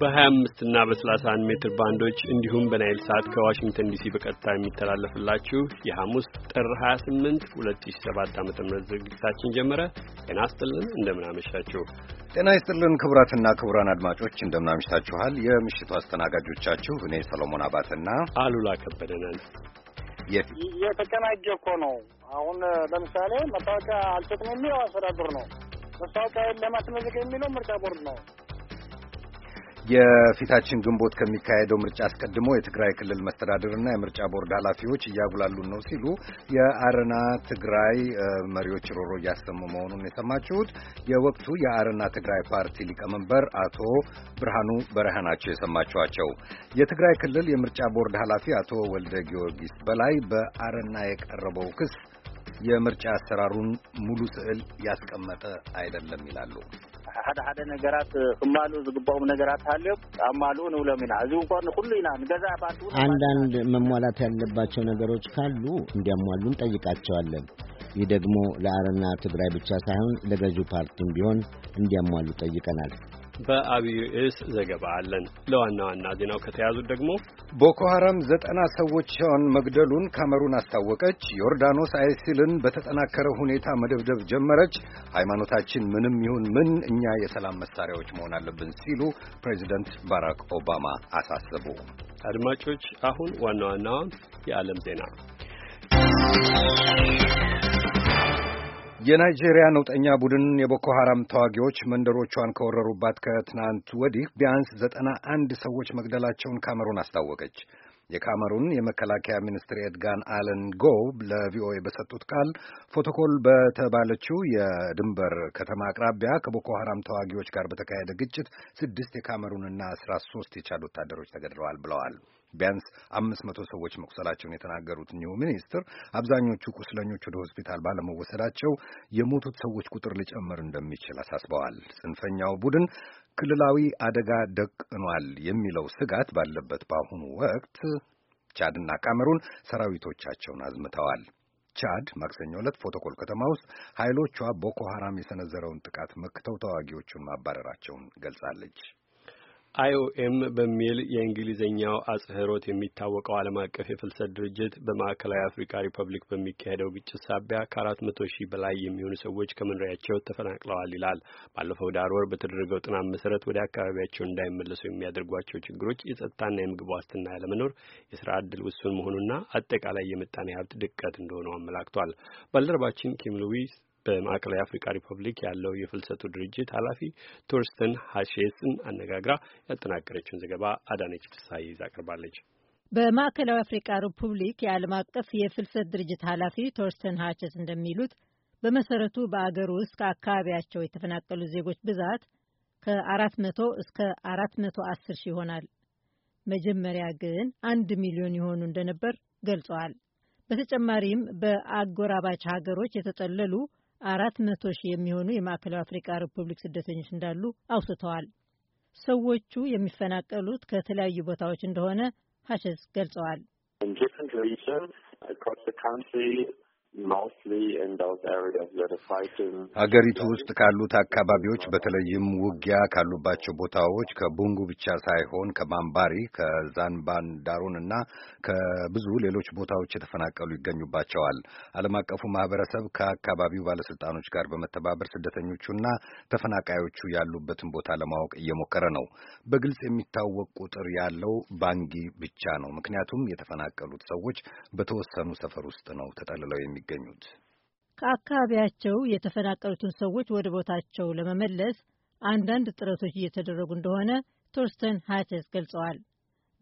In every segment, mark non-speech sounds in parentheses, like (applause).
በ25 እና በ31 ሜትር ባንዶች እንዲሁም በናይል ሰዓት ከዋሽንግተን ዲሲ በቀጥታ የሚተላለፍላችሁ የሐሙስ ጥር 28 2007 ዓ.ም ዝግጅታችን ጀመረ። ጤና ይስጥልን፣ እንደምናመሻችሁ። ጤና ይስጥልን ክቡራትና ክቡራን አድማጮች እንደምናመሽታችኋል። የምሽቱ አስተናጋጆቻችሁ እኔ ሰሎሞን አባትና አሉላ ከበደ ነን። የተቀናጀ እኮ ነው። አሁን ለምሳሌ መታወቂያ አልሰጥም የሚለው አስተዳደር ነው። መታወቂያ ለማስመዘግ የሚለው ምርጫ ቦርድ ነው። የፊታችን ግንቦት ከሚካሄደው ምርጫ አስቀድሞ የትግራይ ክልል መስተዳድርና የምርጫ ቦርድ ኃላፊዎች እያጉላሉን ነው ሲሉ የአረና ትግራይ መሪዎች ሮሮ እያሰሙ መሆኑን የሰማችሁት የወቅቱ የአረና ትግራይ ፓርቲ ሊቀመንበር አቶ ብርሃኑ በረሃ ናቸው የሰማችኋቸው። የትግራይ ክልል የምርጫ ቦርድ ኃላፊ አቶ ወልደ ጊዮርጊስ በላይ በአረና የቀረበው ክስ የምርጫ አሰራሩን ሙሉ ስዕል ያስቀመጠ አይደለም ይላሉ። ሓደ ሓደ ነገራት ክማልኡ ዝግበኦም ነገራት ሃልዮም ኣማልኡ ንብሎም ኢና እዚ እንኳ ኩሉ ኢና ንገዛ ባንድ አንዳንድ መሟላት ያለባቸው ነገሮች ካሉ እንዲያሟሉን ጠይቃቸዋለን። ይህ ደግሞ ለአረና ትግራይ ብቻ ሳይሆን ለገዢው ፓርቲም ቢሆን እንዲያሟሉ ጠይቀናል። በአብዩኤስ ዘገባ አለን። ለዋና ዋና ዜናው ከተያዙት ደግሞ ቦኮ ሐራም ዘጠና ሰዎችን መግደሉን ካሜሩን አስታወቀች፣ ዮርዳኖስ አይሲልን በተጠናከረ ሁኔታ መደብደብ ጀመረች፣ ሃይማኖታችን ምንም ይሁን ምን እኛ የሰላም መሳሪያዎች መሆን አለብን ሲሉ ፕሬዚደንት ባራክ ኦባማ አሳሰቡ። አድማጮች፣ አሁን ዋና ዋናዋ የዓለም ዜና የናይጄሪያ ነውጠኛ ቡድን የቦኮ ሐራም ተዋጊዎች መንደሮቿን ከወረሩባት ከትናንት ወዲህ ቢያንስ ዘጠና አንድ ሰዎች መግደላቸውን ካሜሩን አስታወቀች። የካሜሩን የመከላከያ ሚኒስትር ኤድጋን አለን ጎ ለቪኦኤ በሰጡት ቃል ፎቶኮል በተባለችው የድንበር ከተማ አቅራቢያ ከቦኮ ሐራም ተዋጊዎች ጋር በተካሄደ ግጭት ስድስት የካሜሩንና አስራ ሶስት የቻድ ወታደሮች ተገድለዋል ብለዋል። ቢያንስ አምስት መቶ ሰዎች መቁሰላቸውን የተናገሩት እኚሁ ሚኒስትር አብዛኞቹ ቁስለኞች ወደ ሆስፒታል ባለመወሰዳቸው የሞቱት ሰዎች ቁጥር ሊጨምር እንደሚችል አሳስበዋል። ጽንፈኛው ቡድን ክልላዊ አደጋ ደቅኗል የሚለው ስጋት ባለበት በአሁኑ ወቅት ቻድና ካሜሩን ሰራዊቶቻቸውን አዝምተዋል። ቻድ ማክሰኞ ዕለት ፎቶኮል ከተማ ውስጥ ኃይሎቿ ቦኮ ሐራም የሰነዘረውን ጥቃት መክተው ተዋጊዎቹን ማባረራቸውን ገልጻለች። አይኦኤም በሚል የእንግሊዝኛው አጽህሮት የሚታወቀው ዓለም አቀፍ የፍልሰት ድርጅት በማዕከላዊ አፍሪካ ሪፐብሊክ በሚካሄደው ግጭት ሳቢያ ከአራት መቶ ሺህ በላይ የሚሆኑ ሰዎች ከመኖሪያቸው ተፈናቅለዋል ይላል። ባለፈው ዳር ወር በተደረገው ጥናት መሰረት ወደ አካባቢያቸው እንዳይመለሱ የሚያደርጓቸው ችግሮች የጸጥታና የምግብ ዋስትና ያለመኖር፣ የስራ ዕድል ውሱን መሆኑና አጠቃላይ የምጣኔ ሀብት ድቀት እንደሆነው አመላክቷል። ባልደረባችን ኪም ሉዊስ በማዕከላዊ አፍሪካ ሪፐብሊክ ያለው የፍልሰቱ ድርጅት ኃላፊ ቶርስተን ሀሼስን አነጋግራ ያጠናቀረችውን ዘገባ አዳነች ፍሳይ ይዛ ቀርባለች። በማዕከላዊ አፍሪካ ሪፑብሊክ የዓለም አቀፍ የፍልሰት ድርጅት ኃላፊ ቶርስተን ሃቸስ እንደሚሉት በመሰረቱ በአገር ውስጥ ከአካባቢያቸው የተፈናቀሉ ዜጎች ብዛት ከ400 እስከ 410 ሺህ ይሆናል። መጀመሪያ ግን አንድ ሚሊዮን የሆኑ እንደነበር ገልጸዋል። በተጨማሪም በአጎራባች ሀገሮች የተጠለሉ አራት መቶ ሺህ የሚሆኑ የማዕከላዊ አፍሪካ ሪፑብሊክ ስደተኞች እንዳሉ አውስተዋል። ሰዎቹ የሚፈናቀሉት ከተለያዩ ቦታዎች እንደሆነ ሀሸስ ገልጸዋል። ሀገሪቱ ውስጥ ካሉት አካባቢዎች በተለይም ውጊያ ካሉባቸው ቦታዎች ከቡንጉ ብቻ ሳይሆን ከባምባሪ፣ ዳሩን እና ከብዙ ሌሎች ቦታዎች የተፈናቀሉ ይገኙባቸዋል። ዓለም አቀፉ ማህበረሰብ ከአካባቢው ባለስልጣኖች ጋር በመተባበር ስደተኞቹና ተፈናቃዮቹ ያሉበትን ቦታ ለማወቅ እየሞከረ ነው። በግልጽ የሚታወቅ ቁጥር ያለው ባንጊ ብቻ ነው። ምክንያቱም የተፈናቀሉት ሰዎች በተወሰኑ ሰፈር ውስጥ ነው ተጠልለው የሚ የሚገኙት። ከአካባቢያቸው የተፈናቀሉትን ሰዎች ወደ ቦታቸው ለመመለስ አንዳንድ ጥረቶች እየተደረጉ እንደሆነ ቶርስተን ሃተስ ገልጸዋል።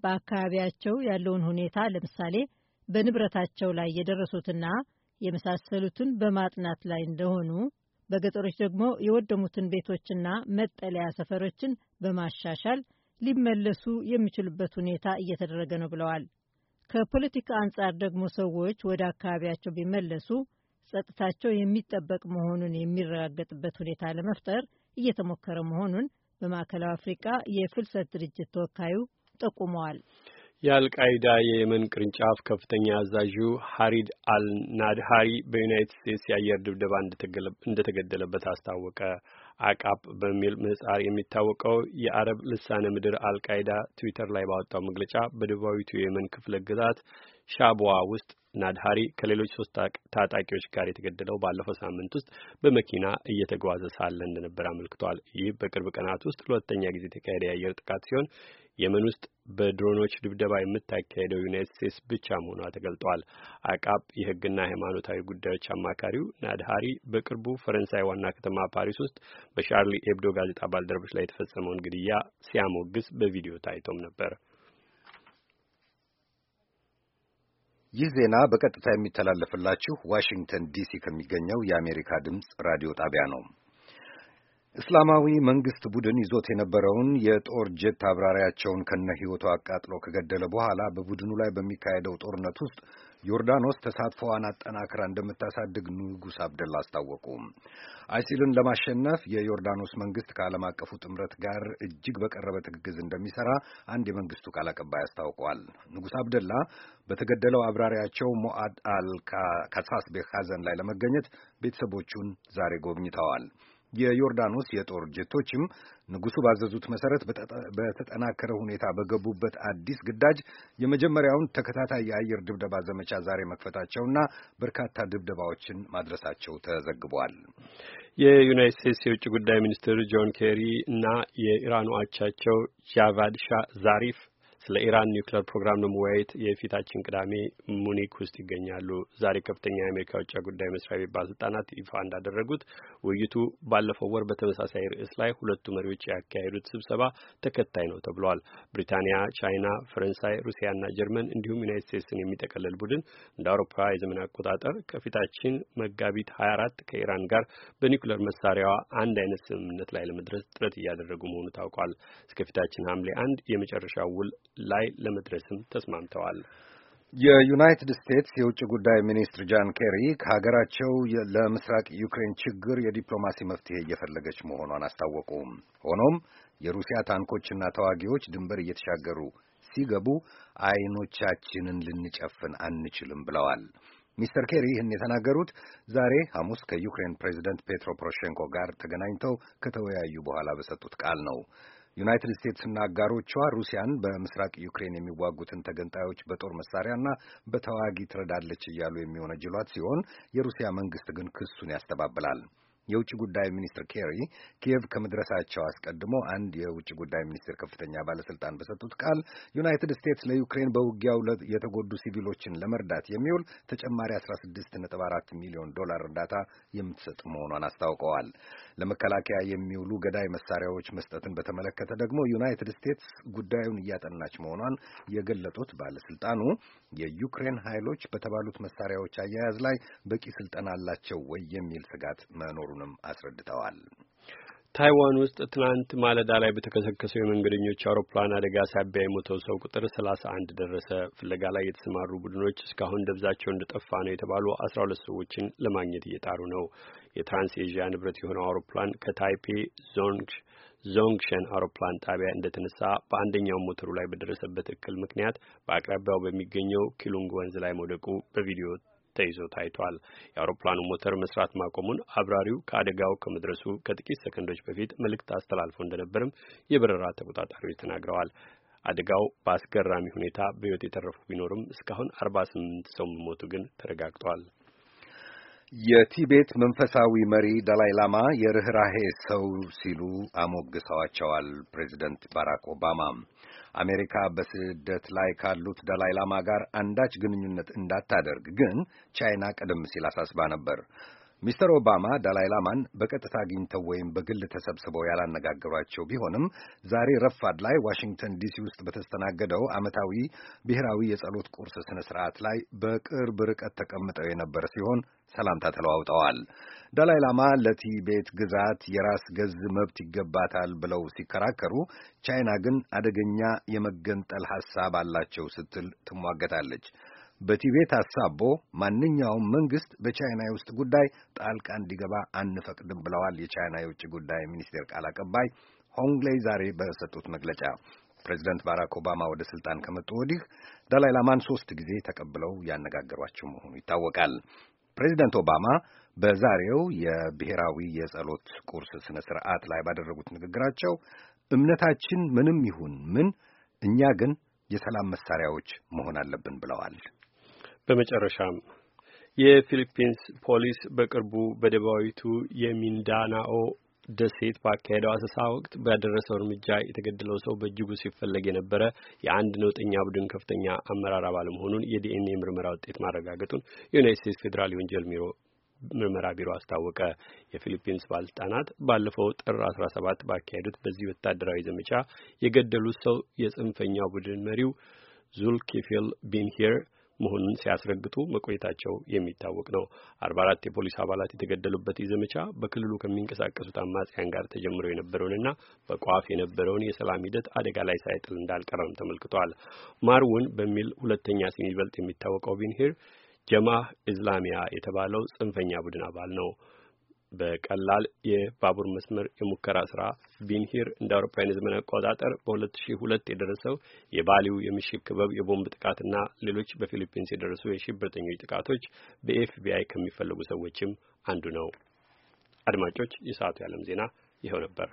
በአካባቢያቸው ያለውን ሁኔታ ለምሳሌ በንብረታቸው ላይ የደረሱትና የመሳሰሉትን በማጥናት ላይ እንደሆኑ፣ በገጠሮች ደግሞ የወደሙትን ቤቶችና መጠለያ ሰፈሮችን በማሻሻል ሊመለሱ የሚችሉበት ሁኔታ እየተደረገ ነው ብለዋል። ከፖለቲካ አንጻር ደግሞ ሰዎች ወደ አካባቢያቸው ቢመለሱ ጸጥታቸው የሚጠበቅ መሆኑን የሚረጋገጥበት ሁኔታ ለመፍጠር እየተሞከረ መሆኑን በማዕከላዊ አፍሪቃ የፍልሰት ድርጅት ተወካዩ ጠቁመዋል። የአልቃይዳ የየመን ቅርንጫፍ ከፍተኛ አዛዡ ሀሪድ አልናድሃሪ በዩናይትድ ስቴትስ የአየር ድብደባ እንደተገደለበት አስታወቀ። አቃፕ በሚል ምህጻር የሚታወቀው የአረብ ልሳነ ምድር አልቃይዳ ትዊተር ላይ ባወጣው መግለጫ በደቡባዊቱ የየመን ክፍለ ግዛት ሻቧ ውስጥ ናድሃሪ ከሌሎች ሶስት ታጣቂዎች ጋር የተገደለው ባለፈው ሳምንት ውስጥ በመኪና እየተጓዘ ሳለ እንደነበር አመልክቷል። ይህ በቅርብ ቀናት ውስጥ ለሁለተኛ ጊዜ የተካሄደ የአየር ጥቃት ሲሆን የመን ውስጥ በድሮኖች ድብደባ የምታካሄደው ዩናይትድ ስቴትስ ብቻ መሆኗ ተገልጧል። አቃብ የሕግና ሃይማኖታዊ ጉዳዮች አማካሪው ናድሃሪ በቅርቡ ፈረንሳይ ዋና ከተማ ፓሪስ ውስጥ በሻርሊ ኤብዶ ጋዜጣ ባልደረቦች ላይ የተፈጸመውን ግድያ ሲያሞግስ በቪዲዮ ታይቶም ነበር። ይህ ዜና በቀጥታ የሚተላለፍላችሁ ዋሽንግተን ዲሲ ከሚገኘው የአሜሪካ ድምፅ ራዲዮ ጣቢያ ነው። እስላማዊ መንግስት ቡድን ይዞት የነበረውን የጦር ጀት አብራሪያቸውን ከነ ሕይወቱ አቃጥሎ ከገደለ በኋላ በቡድኑ ላይ በሚካሄደው ጦርነት ውስጥ ዮርዳኖስ ተሳትፎዋን አጠናክራ እንደምታሳድግ ንጉሥ አብደላ አስታወቁ። አይሲልን ለማሸነፍ የዮርዳኖስ መንግስት ከዓለም አቀፉ ጥምረት ጋር እጅግ በቀረበ ትግግዝ እንደሚሰራ አንድ የመንግስቱ ቃል አቀባይ አስታውቋል። ንጉሥ አብደላ በተገደለው አብራሪያቸው ሞአድ አል ካሳስቤ ሐዘን ላይ ለመገኘት ቤተሰቦቹን ዛሬ ጎብኝተዋል። የዮርዳኖስ የጦር ጀቶችም ንጉሱ ባዘዙት መሰረት በተጠናከረ ሁኔታ በገቡበት አዲስ ግዳጅ የመጀመሪያውን ተከታታይ የአየር ድብደባ ዘመቻ ዛሬ መክፈታቸውና በርካታ ድብደባዎችን ማድረሳቸው ተዘግቧል። የዩናይት ስቴትስ የውጭ ጉዳይ ሚኒስትር ጆን ኬሪ እና የኢራኑ አቻቸው ጃቫድ ሻ ዛሪፍ ስለ ኢራን ኒውክሌር ፕሮግራም ለመወያየት የፊታችን ቅዳሜ ሙኒክ ውስጥ ይገኛሉ። ዛሬ ከፍተኛ የአሜሪካ ውጭ ጉዳይ መስሪያ ቤት ባለስልጣናት ይፋ እንዳደረጉት ውይይቱ ባለፈው ወር በተመሳሳይ ርዕስ ላይ ሁለቱ መሪዎች ያካሄዱት ስብሰባ ተከታይ ነው ተብሏል። ብሪታንያ፣ ቻይና፣ ፈረንሳይ፣ ሩሲያና ጀርመን እንዲሁም ዩናይት ስቴትስን የሚጠቀልል ቡድን እንደ አውሮፓ የዘመን አቆጣጠር ከፊታችን መጋቢት 24 ከኢራን ጋር በኒውክሌር መሳሪያዋ አንድ አይነት ስምምነት ላይ ለመድረስ ጥረት እያደረጉ መሆኑ ታውቋል። እስከፊታችን ሐምሌ አንድ የመጨረሻው ውል ላይ ለመድረስም ተስማምተዋል። የዩናይትድ ስቴትስ የውጭ ጉዳይ ሚኒስትር ጃን ኬሪ ከሀገራቸው ለምስራቅ ዩክሬን ችግር የዲፕሎማሲ መፍትሄ እየፈለገች መሆኗን አስታወቁ። ሆኖም የሩሲያ ታንኮችና ተዋጊዎች ድንበር እየተሻገሩ ሲገቡ አይኖቻችንን ልንጨፍን አንችልም ብለዋል። ሚስተር ኬሪ ይህን የተናገሩት ዛሬ ሐሙስ ከዩክሬን ፕሬዚደንት ፔትሮ ፖሮሼንኮ ጋር ተገናኝተው ከተወያዩ በኋላ በሰጡት ቃል ነው። ዩናይትድ ስቴትስና አጋሮቿ ሩሲያን በምስራቅ ዩክሬን የሚዋጉትን ተገንጣዮች በጦር መሳሪያና በተዋጊ ትረዳለች እያሉ የሚወነጅሏት ሲሆን የሩሲያ መንግስት ግን ክሱን ያስተባብላል። የውጭ ጉዳይ ሚኒስትር ኬሪ ኪየቭ ከመድረሳቸው አስቀድሞ አንድ የውጭ ጉዳይ ሚኒስትር ከፍተኛ ባለስልጣን በሰጡት ቃል ዩናይትድ ስቴትስ ለዩክሬን በውጊያው የተጎዱ ሲቪሎችን ለመርዳት የሚውል ተጨማሪ 16.4 ሚሊዮን ዶላር እርዳታ የምትሰጥ መሆኗን አስታውቀዋል። ለመከላከያ የሚውሉ ገዳይ መሳሪያዎች መስጠትን በተመለከተ ደግሞ ዩናይትድ ስቴትስ ጉዳዩን እያጠናች መሆኗን የገለጡት ባለስልጣኑ የዩክሬን ኃይሎች በተባሉት መሳሪያዎች አያያዝ ላይ በቂ ስልጠና አላቸው ወይ የሚል ስጋት መኖሩ መኖሩንም አስረድተዋል። ታይዋን ውስጥ ትናንት ማለዳ ላይ በተከሰከሰው የመንገደኞች አውሮፕላን አደጋ ሳቢያ የሞተው ሰው ቁጥር ሰላሳ አንድ ደረሰ። ፍለጋ ላይ የተሰማሩ ቡድኖች እስካሁን ደብዛቸው እንደጠፋ ነው የተባሉ አስራ ሁለት ሰዎችን ለማግኘት እየጣሩ ነው። የትራንስ ኤዥያ ንብረት የሆነው አውሮፕላን ከታይፔ ዞንግ ዞንግሸን አውሮፕላን ጣቢያ እንደተነሳ በአንደኛው ሞተሩ ላይ በደረሰበት እክል ምክንያት በአቅራቢያው በሚገኘው ኪሉንግ ወንዝ ላይ መውደቁ በቪዲዮ ተይዞ ታይቷል። የአውሮፕላኑ ሞተር መስራት ማቆሙን አብራሪው ከአደጋው ከመድረሱ ከጥቂት ሰከንዶች በፊት መልእክት አስተላልፎ እንደነበርም የበረራ ተቆጣጣሪዎች ተናግረዋል። አደጋው በአስገራሚ ሁኔታ በሕይወት የተረፉ ቢኖርም እስካሁን አርባ ስምንት ሰው መሞቱ ግን ተረጋግጧል። የቲቤት መንፈሳዊ መሪ ዳላይ ላማ የርኅራሄ ሰው ሲሉ አሞግሰዋቸዋል ፕሬዚደንት ባራክ ኦባማ። አሜሪካ በስደት ላይ ካሉት ዳላይላማ ጋር አንዳች ግንኙነት እንዳታደርግ ግን ቻይና ቀደም ሲል አሳስባ ነበር። ሚስተር ኦባማ ዳላይ ላማን በቀጥታ አግኝተው ወይም በግል ተሰብስበው ያላነጋገሯቸው ቢሆንም ዛሬ ረፋድ ላይ ዋሽንግተን ዲሲ ውስጥ በተስተናገደው ዓመታዊ ብሔራዊ የጸሎት ቁርስ ስነ ስርዓት ላይ በቅርብ ርቀት ተቀምጠው የነበረ ሲሆን ሰላምታ ተለዋውጠዋል። ዳላይ ላማ ለቲቤት ግዛት የራስ ገዝ መብት ይገባታል ብለው ሲከራከሩ፣ ቻይና ግን አደገኛ የመገንጠል ሐሳብ አላቸው ስትል ትሟገታለች። በቲቤት አሳቦ ማንኛውም መንግስት በቻይና የውስጥ ጉዳይ ጣልቃ እንዲገባ አንፈቅድም ብለዋል የቻይና የውጭ ጉዳይ ሚኒስቴር ቃል አቀባይ ሆንግሌይ ዛሬ በሰጡት መግለጫ። ፕሬዚደንት ባራክ ኦባማ ወደ ስልጣን ከመጡ ወዲህ ዳላይ ላማን ሶስት ጊዜ ተቀብለው ያነጋገሯቸው መሆኑ ይታወቃል። ፕሬዚደንት ኦባማ በዛሬው የብሔራዊ የጸሎት ቁርስ ስነ ስርዓት ላይ ባደረጉት ንግግራቸው እምነታችን ምንም ይሁን ምን እኛ ግን የሰላም መሳሪያዎች መሆን አለብን ብለዋል። በመጨረሻም የፊሊፒንስ ፖሊስ በቅርቡ በደቡባዊቱ የሚንዳናኦ ደሴት ባካሄደው አሰሳ ወቅት ባደረሰው እርምጃ የተገደለው ሰው በእጅጉ ሲፈለግ የነበረ የአንድ ነውጠኛ ቡድን ከፍተኛ አመራር አባል መሆኑን የዲኤንኤ ምርመራ ውጤት ማረጋገጡን የዩናይት ስቴትስ ፌዴራል የወንጀል ቢሮ ምርመራ ቢሮ አስታወቀ። የፊሊፒንስ ባለስልጣናት ባለፈው ጥር 17 ባካሄዱት በዚህ ወታደራዊ ዘመቻ የገደሉት ሰው የጽንፈኛ ቡድን መሪው ዙልኪፊል ቢንሂር መሆኑን ሲያስረግጡ መቆየታቸው የሚታወቅ ነው። አርባ አራት የፖሊስ አባላት የተገደሉበት ዘመቻ በክልሉ ከሚንቀሳቀሱት አማጽያን ጋር ተጀምሮ የነበረውንና በቋፍ የነበረውን የሰላም ሂደት አደጋ ላይ ሳይጥል እንዳልቀረም ተመልክቷል። ማርውን በሚል ሁለተኛ ስም ይበልጥ የሚታወቀው ቢንሄር ጀማህ እዝላሚያ የተባለው ጽንፈኛ ቡድን አባል ነው። በቀላል የባቡር መስመር የሙከራ ስራ ቢንሂር እንደ አውሮፓውያን ዘመን አቆጣጠር በ2002 የደረሰው የባሊው የምሽግ ክበብ የቦምብ ጥቃትና ሌሎች በፊሊፒንስ የደረሱ የሽብርተኞች ጥቃቶች በኤፍቢአይ ከሚፈለጉ ሰዎችም አንዱ ነው። አድማጮች፣ የሰዓቱ የዓለም ዜና ይኸው ነበር።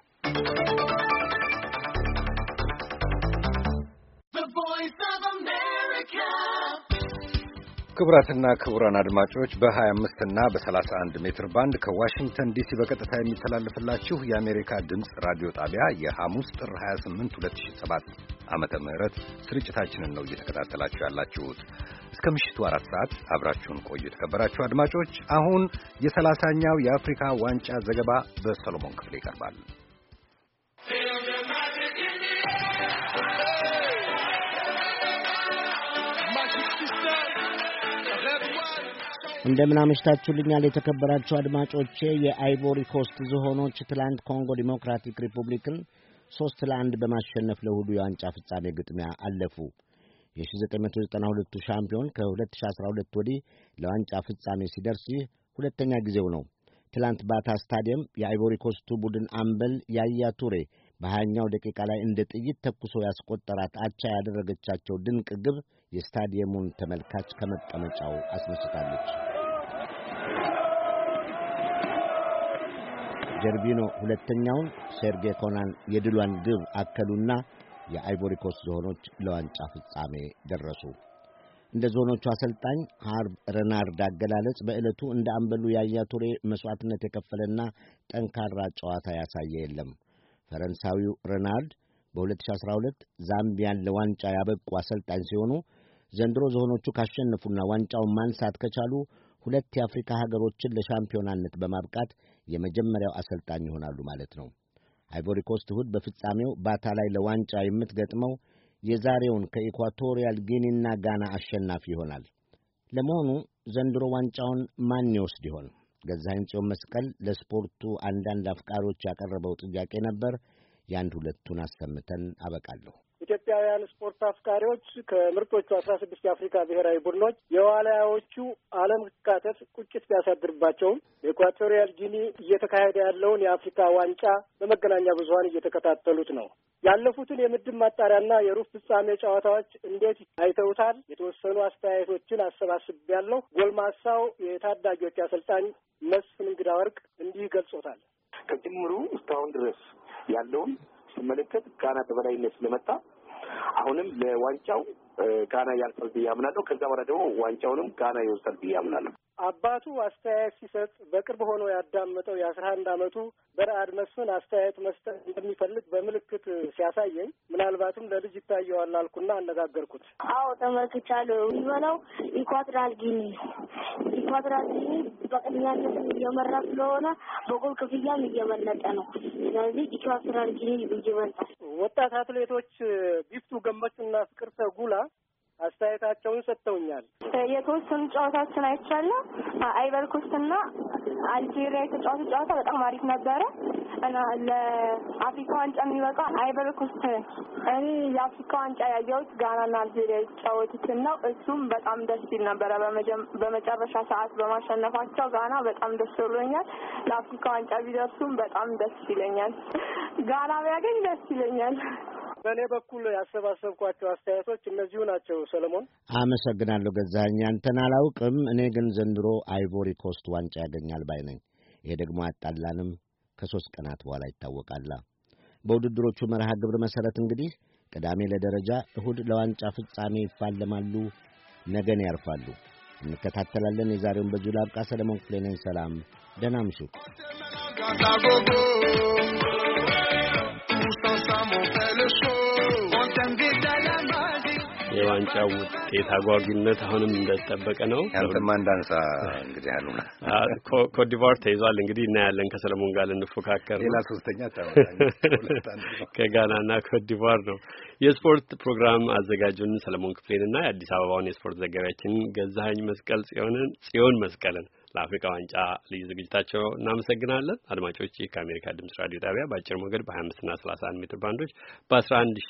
ክቡራትና ክቡራን አድማጮች በ25 እና በ31 ሜትር ባንድ ከዋሽንግተን ዲሲ በቀጥታ የሚተላለፍላችሁ የአሜሪካ ድምፅ ራዲዮ ጣቢያ የሐሙስ ጥር 28 2007 ዓመተ ምህረት ስርጭታችንን ነው እየተከታተላችሁ ያላችሁት። እስከ ምሽቱ አራት ሰዓት አብራችሁን ቆዩ። የተከበራችሁ አድማጮች አሁን የሰላሳኛው የአፍሪካ ዋንጫ ዘገባ በሰሎሞን ክፍሌ ይቀርባል። እንደምን አመሽታችሁልኛል የተከበራችሁ አድማጮቼ። የአይቮሪ ኮስት ዝሆኖች ትላንት ኮንጎ ዲሞክራቲክ ሪፑብሊክን ሶስት ለአንድ በማሸነፍ ለሁሉ የዋንጫ ፍጻሜ ግጥሚያ አለፉ። የ1992ቱ ሻምፒዮን ከ2012 ወዲህ ለዋንጫ ፍጻሜ ሲደርስ ይህ ሁለተኛ ጊዜው ነው። ትላንት ባታ ስታዲየም የአይቮሪ ኮስቱ ቡድን አምበል ያያ ቱሬ በሀያኛው ደቂቃ ላይ እንደ ጥይት ተኩሶ ያስቆጠራት አቻ ያደረገቻቸው ድንቅ ግብ የስታዲየሙን ተመልካች ከመቀመጫው አስነስታለች። ጀርቢኖ ሁለተኛውን፣ ሴርጌ ኮናን የድሏን ግብ አከሉና የአይቮሪኮስ ዝሆኖች ለዋንጫ ፍጻሜ ደረሱ። እንደ ዝሆኖቹ አሰልጣኝ ሃርብ ረናርድ አገላለጽ በዕለቱ እንደ አምበሉ ያያ ቱሬ መሥዋዕትነት የከፈለና ጠንካራ ጨዋታ ያሳየ የለም። ፈረንሳዊው ረናርድ በ2012 ዛምቢያን ለዋንጫ ያበቁ አሰልጣኝ ሲሆኑ ዘንድሮ ዝሆኖቹ ካሸነፉና ዋንጫውን ማንሳት ከቻሉ ሁለት የአፍሪካ ሀገሮችን ለሻምፒዮናነት በማብቃት የመጀመሪያው አሰልጣኝ ይሆናሉ ማለት ነው። አይቮሪኮስት እሁድ በፍጻሜው ባታ ላይ ለዋንጫ የምትገጥመው የዛሬውን ከኢኳቶሪያል ጊኒና ጋና አሸናፊ ይሆናል። ለመሆኑ ዘንድሮ ዋንጫውን ማን ይወስድ ይሆን? ገዛኸኝ ጽዮን መስቀል ለስፖርቱ አንዳንድ አፍቃሪዎች ያቀረበው ጥያቄ ነበር። የአንድ ሁለቱን አሰምተን አበቃለሁ። ኢትዮጵያውያን ስፖርት አፍቃሪዎች ከምርጦቹ አስራ ስድስት የአፍሪካ ብሔራዊ ቡድኖች የዋልያዎቹ አለመካተት ቁጭት ቢያሳድርባቸውም በኢኳቶሪያል ጊኒ እየተካሄደ ያለውን የአፍሪካ ዋንጫ በመገናኛ ብዙኃን እየተከታተሉት ነው። ያለፉትን የምድብ ማጣሪያና የሩብ ፍጻሜ ጨዋታዎች እንዴት አይተውታል? የተወሰኑ አስተያየቶችን ያለው ጎልማሳው የታዳጊዎች አሰልጣኝ መስፍን እንግዳ ወርቅ እንዲህ ገልጾታል። ከጅምሩ እስካሁን ድረስ ያለውን ስመለከት ጋና በበላይነት ስለመጣ አሁንም ለዋንጫው ጋና ያልፋል ብዬ አምናለሁ። ከዛ በኋላ ደግሞ ዋንጫውንም ጋና ይወስዳል ብዬ አምናለሁ። አባቱ አስተያየት ሲሰጥ በቅርብ ሆኖ ያዳመጠው የአስራ አንድ አመቱ በረአድ መስፍን አስተያየት መስጠት እንደሚፈልግ በምልክት ሲያሳየኝ ምናልባትም ለልጅ ይታየዋል አልኩና አነጋገርኩት። አዎ ተመልክቻለሁ። የሚበላው ኢኳትራል ጊኒ ኢኳትራል ጊኒ በቅድሚያነት እየመራ ስለሆነ በጎል ክፍያም እየበለጠ ነው። ስለዚህ ኢኳትራል ጊኒ ይበልጣል። ወጣት አትሌቶች ቢፍቱ ገመቹና ፍቅርተ ጉላ አስተያየታቸውን ሰጥተውኛል። የተወሰኑ ጨዋታዎችን አይቻለሁ። አይቨርኮስትና አልጄሪያ የተጫወቱ ጨዋታ በጣም አሪፍ ነበረ እና ለአፍሪካ ዋንጫ የሚበቃ አይቨርኮስት። እኔ የአፍሪካ ዋንጫ ያየሁት ጋናና አልጄሪያ የተጫወቱትን ነው። እሱም በጣም ደስ ሲል ነበረ። በመጨረሻ ሰዓት በማሸነፋቸው ጋና በጣም ደስ ብሎኛል። ለአፍሪካ ዋንጫ ቢደርሱም በጣም ደስ ይለኛል። ጋና ቢያገኝ ደስ ይለኛል። በእኔ በኩል ያሰባሰብኳቸው አስተያየቶች እነዚሁ ናቸው። ሰለሞን አመሰግናለሁ። ገዛኸኝ አንተን አላውቅም። እኔ ግን ዘንድሮ አይቮሪ ኮስት ዋንጫ ያገኛል ባይ ነኝ። ይሄ ደግሞ አጣላንም ከሦስት ቀናት በኋላ ይታወቃላ። በውድድሮቹ መርሃ ግብር መሠረት እንግዲህ ቅዳሜ ለደረጃ እሁድ ለዋንጫ ፍጻሜ ይፋለማሉ። ነገን ያርፋሉ። እንከታተላለን። የዛሬውን በዚሁ ላብቃ። ሰለሞን ክፍሌ ነኝ። ሰላም፣ ደህና የዋንጫ ውጤት አጓጊነት አሁንም እንደተጠበቀ ነው። ያንተማ እንዳንሳ እንግዲህ አሉና ኮትዲቫር ተይዟል። እንግዲህ እናያለን። ከሰለሞን ጋር ልንፎካከር ሌላ ሶስተኛ ከጋናና ኮትዲቫር ነው። የስፖርት ፕሮግራም አዘጋጁን ሰለሞን ክፍሌንና የአዲስ አበባውን የስፖርት ዘጋቢያችንን ገዛኸኝ መስቀል ጽዮንን ጽዮን መስቀልን ለአፍሪካ ዋንጫ ልዩ ዝግጅታቸው እናመሰግናለን። አድማጮች ይህ ከአሜሪካ ድምጽ ራዲዮ ጣቢያ በአጭር ሞገድ በ25 እና 31 ሜትር ባንዶች በ 11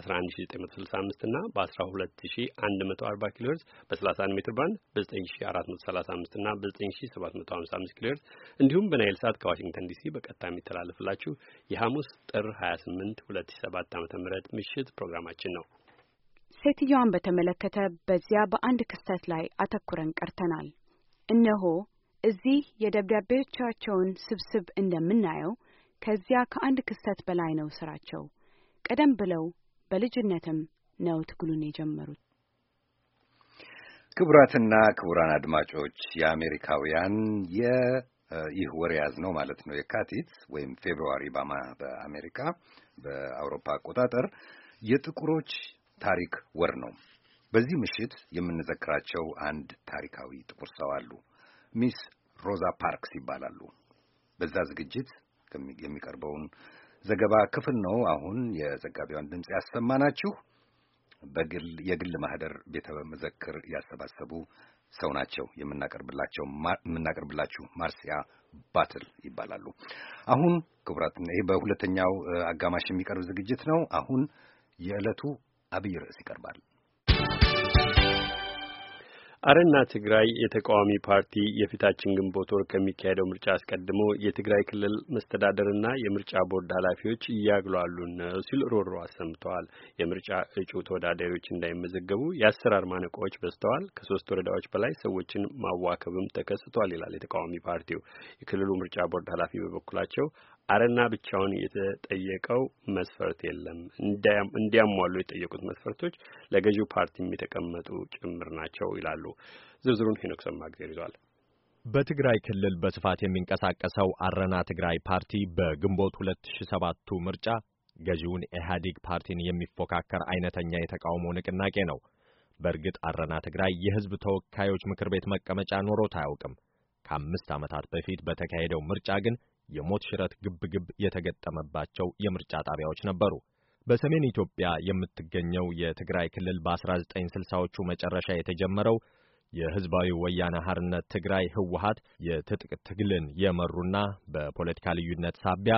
11965 እና በ12140 ኪሎ ሄርዝ በ31 ሜትር ባንድ በ9435 እና በ9755 ኪሎ ሄርዝ እንዲሁም በናይል ሳት ከዋሽንግተን ዲሲ በቀጥታ የሚተላለፍላችሁ የሐሙስ ጥር 28 2007 ም ምሽት ፕሮግራማችን ነው። ሴትዮዋን በተመለከተ በዚያ በአንድ ክስተት ላይ አተኩረን ቀርተናል። እነሆ እዚህ የደብዳቤዎቻቸውን ስብስብ እንደምናየው ከዚያ ከአንድ ክስተት በላይ ነው ስራቸው። ቀደም ብለው በልጅነትም ነው ትግሉን የጀመሩት። ክቡራትና ክቡራን አድማጮች የአሜሪካውያን ይህ ወር ያዝ ነው ማለት ነው የካቲት ወይም ፌብርዋሪ ባማ በአሜሪካ በአውሮፓ አቆጣጠር የጥቁሮች ታሪክ ወር ነው። በዚህ ምሽት የምንዘክራቸው አንድ ታሪካዊ ጥቁር ሰው አሉ። ሚስ ሮዛ ፓርክስ ይባላሉ። በዛ ዝግጅት የሚቀርበውን ዘገባ ክፍል ነው አሁን የዘጋቢዋን ድምፅ ያሰማናችሁ። በግል የግል ማህደር ቤተ መዘክር ያሰባሰቡ ሰው ናቸው። የምናቀርብላቸው የምናቀርብላችሁ ማርሲያ ባትል ይባላሉ። አሁን ክቡራት፣ ይሄ በሁለተኛው አጋማሽ የሚቀርብ ዝግጅት ነው። አሁን የዕለቱ አብይ ርዕስ ይቀርባል። አረና ትግራይ የተቃዋሚ ፓርቲ የፊታችን ግንቦት ወር ከሚካሄደው ምርጫ አስቀድሞ የትግራይ ክልል መስተዳደርና የምርጫ ቦርድ ኃላፊዎች እያግሏሉ ነው ሲል ሮሮ አሰምተዋል። የምርጫ እጩ ተወዳዳሪዎች እንዳይመዘገቡ የአሰራር ማነቆዎች በዝተዋል፣ ከሶስት ወረዳዎች በላይ ሰዎችን ማዋከብም ተከስቷል ይላል የተቃዋሚ ፓርቲው። የክልሉ ምርጫ ቦርድ ኃላፊ በበኩላቸው አረና ብቻውን የተጠየቀው መስፈርት የለም። እንዲያሟሉ የተጠየቁት መስፈርቶች ለገዢው ፓርቲ የተቀመጡ ጭምር ናቸው ይላሉ። ዝርዝሩን ሄኖክ ሰማግዜር ይዟል። በትግራይ ክልል በስፋት የሚንቀሳቀሰው አረና ትግራይ ፓርቲ በግንቦት 2007ቱ ምርጫ ገዢውን ኢህአዴግ ፓርቲን የሚፎካከር አይነተኛ የተቃውሞ ንቅናቄ ነው። በእርግጥ አረና ትግራይ የህዝብ ተወካዮች ምክር ቤት መቀመጫ ኖሮት አያውቅም። ከአምስት ዓመታት በፊት በተካሄደው ምርጫ ግን የሞት ሽረት ግብግብ የተገጠመባቸው የምርጫ ጣቢያዎች ነበሩ። በሰሜን ኢትዮጵያ የምትገኘው የትግራይ ክልል በ1960ዎቹ መጨረሻ የተጀመረው የህዝባዊ ወያነ ሐርነት ትግራይ ህወሀት የትጥቅ ትግልን የመሩና በፖለቲካ ልዩነት ሳቢያ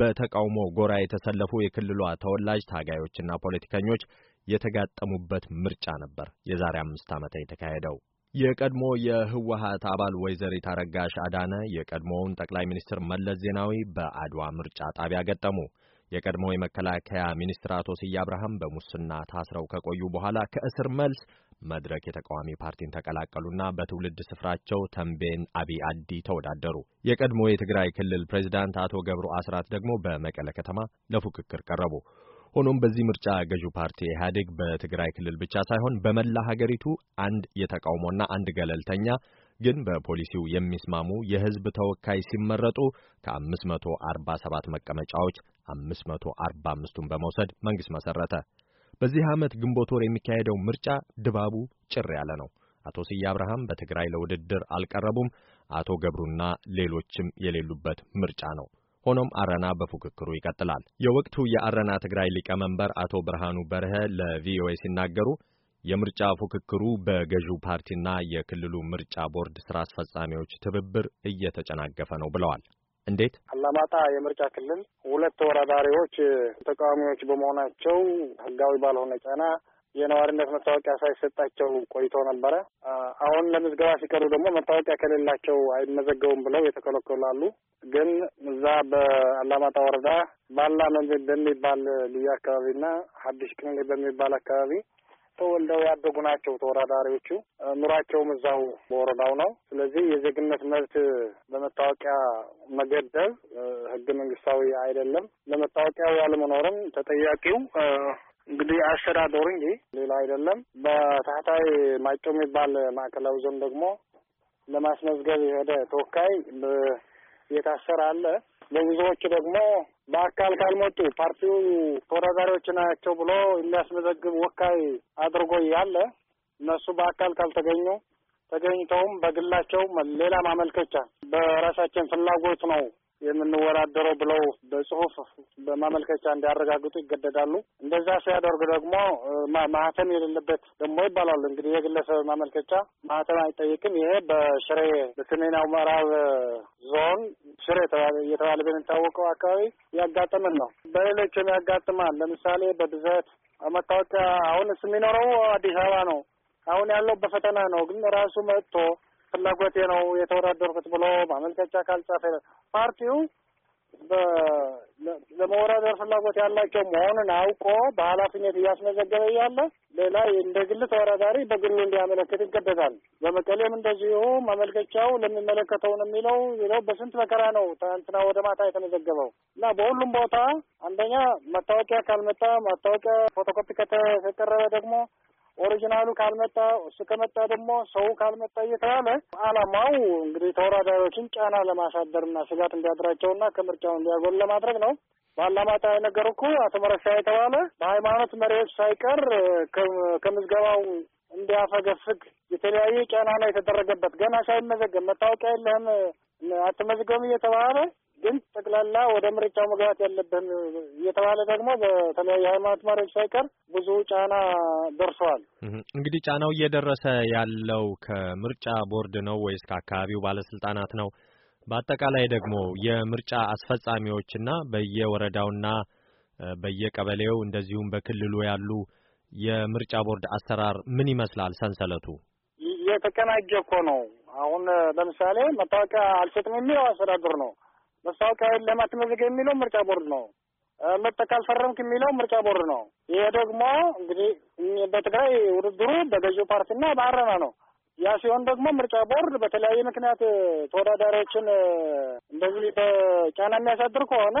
በተቃውሞ ጎራ የተሰለፉ የክልሏ ተወላጅ ታጋዮችና ፖለቲከኞች የተጋጠሙበት ምርጫ ነበር የዛሬ አምስት ዓመት የተካሄደው። የቀድሞ የህወሀት አባል ወይዘሪት አረጋሽ አዳነ የቀድሞውን ጠቅላይ ሚኒስትር መለስ ዜናዊ በአድዋ ምርጫ ጣቢያ ገጠሙ። የቀድሞ የመከላከያ ሚኒስትር አቶ ስዬ አብርሃም በሙስና ታስረው ከቆዩ በኋላ ከእስር መልስ መድረክ የተቃዋሚ ፓርቲን ተቀላቀሉና በትውልድ ስፍራቸው ተንቤን አቢ አዲ ተወዳደሩ። የቀድሞ የትግራይ ክልል ፕሬዚዳንት አቶ ገብሩ አስራት ደግሞ በመቀለ ከተማ ለፉክክር ቀረቡ። ሆኖም በዚህ ምርጫ ገዢው ፓርቲ ኢህአዴግ በትግራይ ክልል ብቻ ሳይሆን በመላ ሀገሪቱ አንድ የተቃውሞና አንድ ገለልተኛ ግን በፖሊሲው የሚስማሙ የህዝብ ተወካይ ሲመረጡ ከ547 መቀመጫዎች 545ቱን በመውሰድ መንግስት መሰረተ። በዚህ ዓመት ግንቦት ወር የሚካሄደው ምርጫ ድባቡ ጭር ያለ ነው። አቶ ስዬ አብርሃም በትግራይ ለውድድር አልቀረቡም። አቶ ገብሩና ሌሎችም የሌሉበት ምርጫ ነው። ሆኖም አረና በፉክክሩ ይቀጥላል። የወቅቱ የአረና ትግራይ ሊቀመንበር አቶ ብርሃኑ በርሀ ለቪኦኤ ሲናገሩ የምርጫ ፉክክሩ በገዢው ፓርቲና የክልሉ ምርጫ ቦርድ ስራ አስፈጻሚዎች ትብብር እየተጨናገፈ ነው ብለዋል። እንዴት? አላማጣ የምርጫ ክልል ሁለት ተወዳዳሪዎች ተቃዋሚዎች በመሆናቸው ህጋዊ ባልሆነ ጫና የነዋሪነት መታወቂያ ሳይሰጣቸው ቆይቶ ነበረ። አሁን ለምዝገባ ሲቀሩ ደግሞ መታወቂያ ከሌላቸው አይመዘገቡም ብለው የተከለከሉ አሉ። ግን እዛ በአላማጣ ወረዳ ባላ በሚባል ልዩ አካባቢና ሀዲሽ ቅንሌ በሚባል አካባቢ ተወልደው ያደጉ ናቸው። ተወዳዳሪዎቹ ኑሯቸውም እዛው በወረዳው ነው። ስለዚህ የዜግነት መብት በመታወቂያ መገደብ ህገ መንግስታዊ አይደለም። ለመታወቂያው ያለመኖርም ተጠያቂው እንግዲህ አስተዳደሩ እንጂ ሌላ አይደለም። በታህታይ ማይጮ የሚባል ማዕከላዊ ዞን ደግሞ ለማስመዝገብ የሄደ ተወካይ የታሰረ አለ። ለብዙዎች ደግሞ በአካል ካልመጡ ፓርቲው ተወዳዳሪዎች ናቸው ብሎ የሚያስመዘግብ ወካይ አድርጎ ያለ እነሱ በአካል ካልተገኙ ተገኝተውም በግላቸው ሌላ ማመልከቻ በራሳችን ፍላጎት ነው የምንወዳደረው ብለው በጽሁፍ በማመልከቻ እንዲያረጋግጡ ይገደዳሉ። እንደዛ ሲያደርጉ ደግሞ ማህተም የሌለበት ደግሞ ይባላሉ። እንግዲህ የግለሰብ ማመልከቻ ማህተም አይጠይቅም። ይሄ በሽሬ በሰሜናዊ ምዕራብ ዞን ሽሬ እየተባለ በሚታወቀው አካባቢ ያጋጠምን ነው። በሌሎችም ያጋጥማል። ለምሳሌ በብዛት መታወቂያ አሁን የሚኖረው አዲስ አበባ ነው። አሁን ያለው በፈተና ነው። ግን ራሱ መጥቶ ፍላጎቴ ነው የተወዳደርኩት ብሎ ማመልከቻ ካልጻፈ ፓርቲው ለመወዳደር ፍላጎት ያላቸው መሆኑን አውቆ በኃላፊነት እያስመዘገበ እያለ ሌላ እንደ ግል ተወዳዳሪ በግሉ እንዲያመለክት ይገደዳል። በመቀሌም እንደዚሁ ማመልከቻው ለሚመለከተው ነው የሚለው ሌላው በስንት መከራ ነው ትናንትና ወደ ማታ የተመዘገበው እና በሁሉም ቦታ አንደኛ መታወቂያ ካልመጣ ማታወቂያ ፎቶኮፒ ከተቀረበ ደግሞ ኦሪጂናሉ ካልመጣ እሱ ከመጣ ደግሞ ሰው ካልመጣ እየተባለ አላማው እንግዲህ ተወዳዳሪዎችን ጫና ለማሳደርና ስጋት እንዲያድራቸውና ከምርጫው እንዲያጎል ለማድረግ ነው። ባላማጣ የነገሩ እኮ አቶ መረሻ የተባለ በሃይማኖት መሪዎች ሳይቀር ከምዝገባው እንዲያፈገፍግ የተለያዩ ጫና ነው የተደረገበት። ገና ሳይመዘገብ መታወቂያ የለህም አትመዝገቡም እየተባለ ግን ጠቅላላ ወደ ምርጫው መግባት ያለብን እየተባለ ደግሞ በተለያዩ ሃይማኖት መሪዎች ሳይቀር ብዙ ጫና ደርሰዋል። እንግዲህ ጫናው እየደረሰ ያለው ከምርጫ ቦርድ ነው ወይስ ከአካባቢው ባለስልጣናት ነው? በአጠቃላይ ደግሞ የምርጫ አስፈጻሚዎችና በየወረዳውና በየቀበሌው እንደዚሁም በክልሉ ያሉ የምርጫ ቦርድ አሰራር ምን ይመስላል? ሰንሰለቱ የተቀናጀ እኮ ነው። አሁን ለምሳሌ መታወቂያ አልሰጥም የሚለው አስተዳድር ነው። መታወቂያውን ለማትመዘገብ የሚለው ምርጫ ቦርድ ነው። መጥተ ካልፈረምክ የሚለው ምርጫ ቦርድ ነው። ይሄ ደግሞ እንግዲህ በትግራይ ውድድሩ በገዢው ፓርቲና በአረና ነው። ያ ሲሆን ደግሞ ምርጫ ቦርድ በተለያየ ምክንያት ተወዳዳሪዎችን እንደዚህ በጫና የሚያሳድር ከሆነ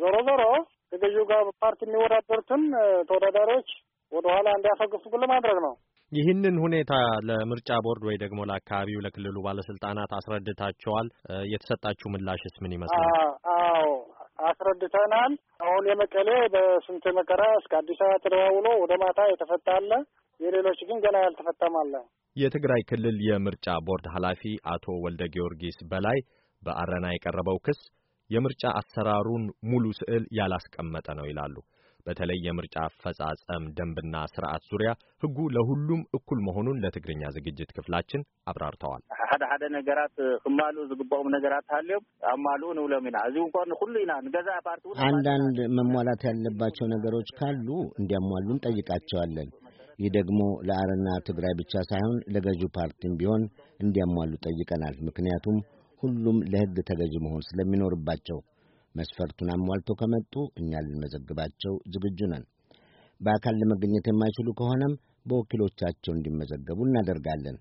ዞሮ ዞሮ ከገዢው ጋር ፓርቲ የሚወዳደሩትን ተወዳዳሪዎች ወደኋላ እንዲያፈግፍጉ ለማድረግ ነው። ይህንን ሁኔታ ለምርጫ ቦርድ ወይ ደግሞ ለአካባቢው ለክልሉ ባለስልጣናት አስረድታቸዋል? የተሰጣችሁ ምላሽስ ምን ይመስላል? አዎ አስረድተናል። አሁን የመቀሌ በስንት መከራ እስከ አዲስ አበባ ተደዋውሎ ወደ ማታ የተፈታ አለ። የሌሎች ግን ገና ያልተፈታም አለ። የትግራይ ክልል የምርጫ ቦርድ ኃላፊ አቶ ወልደ ጊዮርጊስ በላይ በአረና የቀረበው ክስ የምርጫ አሰራሩን ሙሉ ስዕል ያላስቀመጠ ነው ይላሉ። በተለይ የምርጫ አፈጻጸም ደንብና ስርዓት ዙሪያ ህጉ ለሁሉም እኩል መሆኑን ለትግርኛ ዝግጅት ክፍላችን አብራርተዋል። ሓደ ሓደ ነገራት ክማልኡ ዝግባኦም ነገራት ሃልዮም ኣማልኡ ንብሎም ኢና እዚ እንኳ ንኩሉ ኢና ንገዛ ፓርቲ አንዳንድ መሟላት ያለባቸው ነገሮች ካሉ እንዲያሟሉ እንጠይቃቸዋለን። ይህ ደግሞ ለአረና ትግራይ ብቻ ሳይሆን ለገዢው ፓርቲም ቢሆን እንዲያሟሉ ጠይቀናል። ምክንያቱም ሁሉም ለህግ ተገዢ መሆን ስለሚኖርባቸው መስፈርቱን አሟልተው ከመጡ እኛ ልንመዘግባቸው ዝግጁ ነን። በአካል ለመገኘት የማይችሉ ከሆነም በወኪሎቻቸው እንዲመዘገቡ እናደርጋለን።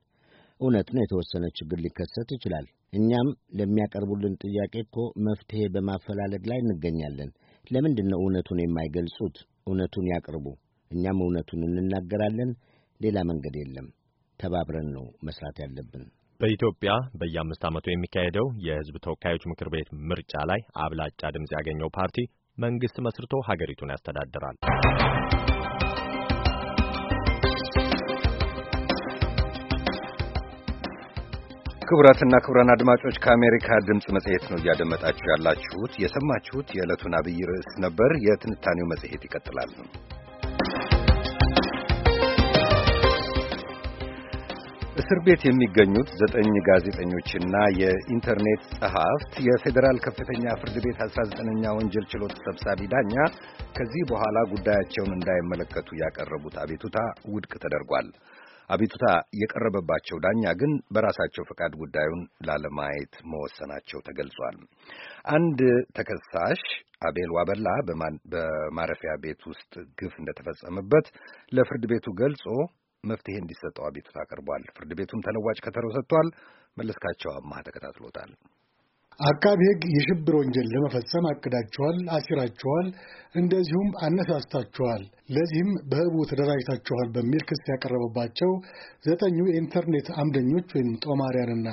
እውነት ነው፣ የተወሰነ ችግር ሊከሰት ይችላል። እኛም ለሚያቀርቡልን ጥያቄ እኮ መፍትሄ በማፈላለግ ላይ እንገኛለን። ለምንድን ነው እውነቱን የማይገልጹት? እውነቱን ያቅርቡ። እኛም እውነቱን እንናገራለን። ሌላ መንገድ የለም። ተባብረን ነው መስራት ያለብን። በኢትዮጵያ በየአምስት ዓመቱ የሚካሄደው የሕዝብ ተወካዮች ምክር ቤት ምርጫ ላይ አብላጫ ድምፅ ያገኘው ፓርቲ መንግስት መስርቶ ሀገሪቱን ያስተዳድራል። ክቡራትና ክቡራን አድማጮች ከአሜሪካ ድምፅ መጽሔት ነው እያደመጣችሁ ያላችሁት። የሰማችሁት የዕለቱን አብይ ርዕስ ነበር። የትንታኔው መጽሔት ይቀጥላል። በእስር ቤት የሚገኙት ዘጠኝ ጋዜጠኞችና የኢንተርኔት ጸሐፍት የፌዴራል ከፍተኛ ፍርድ ቤት 19ኛ ወንጀል ችሎት ሰብሳቢ ዳኛ ከዚህ በኋላ ጉዳያቸውን እንዳይመለከቱ ያቀረቡት አቤቱታ ውድቅ ተደርጓል። አቤቱታ የቀረበባቸው ዳኛ ግን በራሳቸው ፈቃድ ጉዳዩን ላለማየት መወሰናቸው ተገልጿል። አንድ ተከሳሽ አቤል ዋበላ በማረፊያ ቤት ውስጥ ግፍ እንደተፈጸመበት ለፍርድ ቤቱ ገልጾ መፍትሄ እንዲሰጠው አቤቱታ አቅርቧል። ፍርድ ቤቱም ተለዋጭ ከተረው ሰጥቷል። መለስካቸው አማህ ተከታትሎታል። አቃቢ ሕግ የሽብር ወንጀል ለመፈጸም አቅዳችኋል፣ አሲራችኋል፣ እንደዚሁም አነሳስታችኋል፣ ለዚህም በህቡ ተደራጅታችኋል በሚል ክስ ያቀረበባቸው ዘጠኙ የኢንተርኔት አምደኞች ወይም ጦማርያንና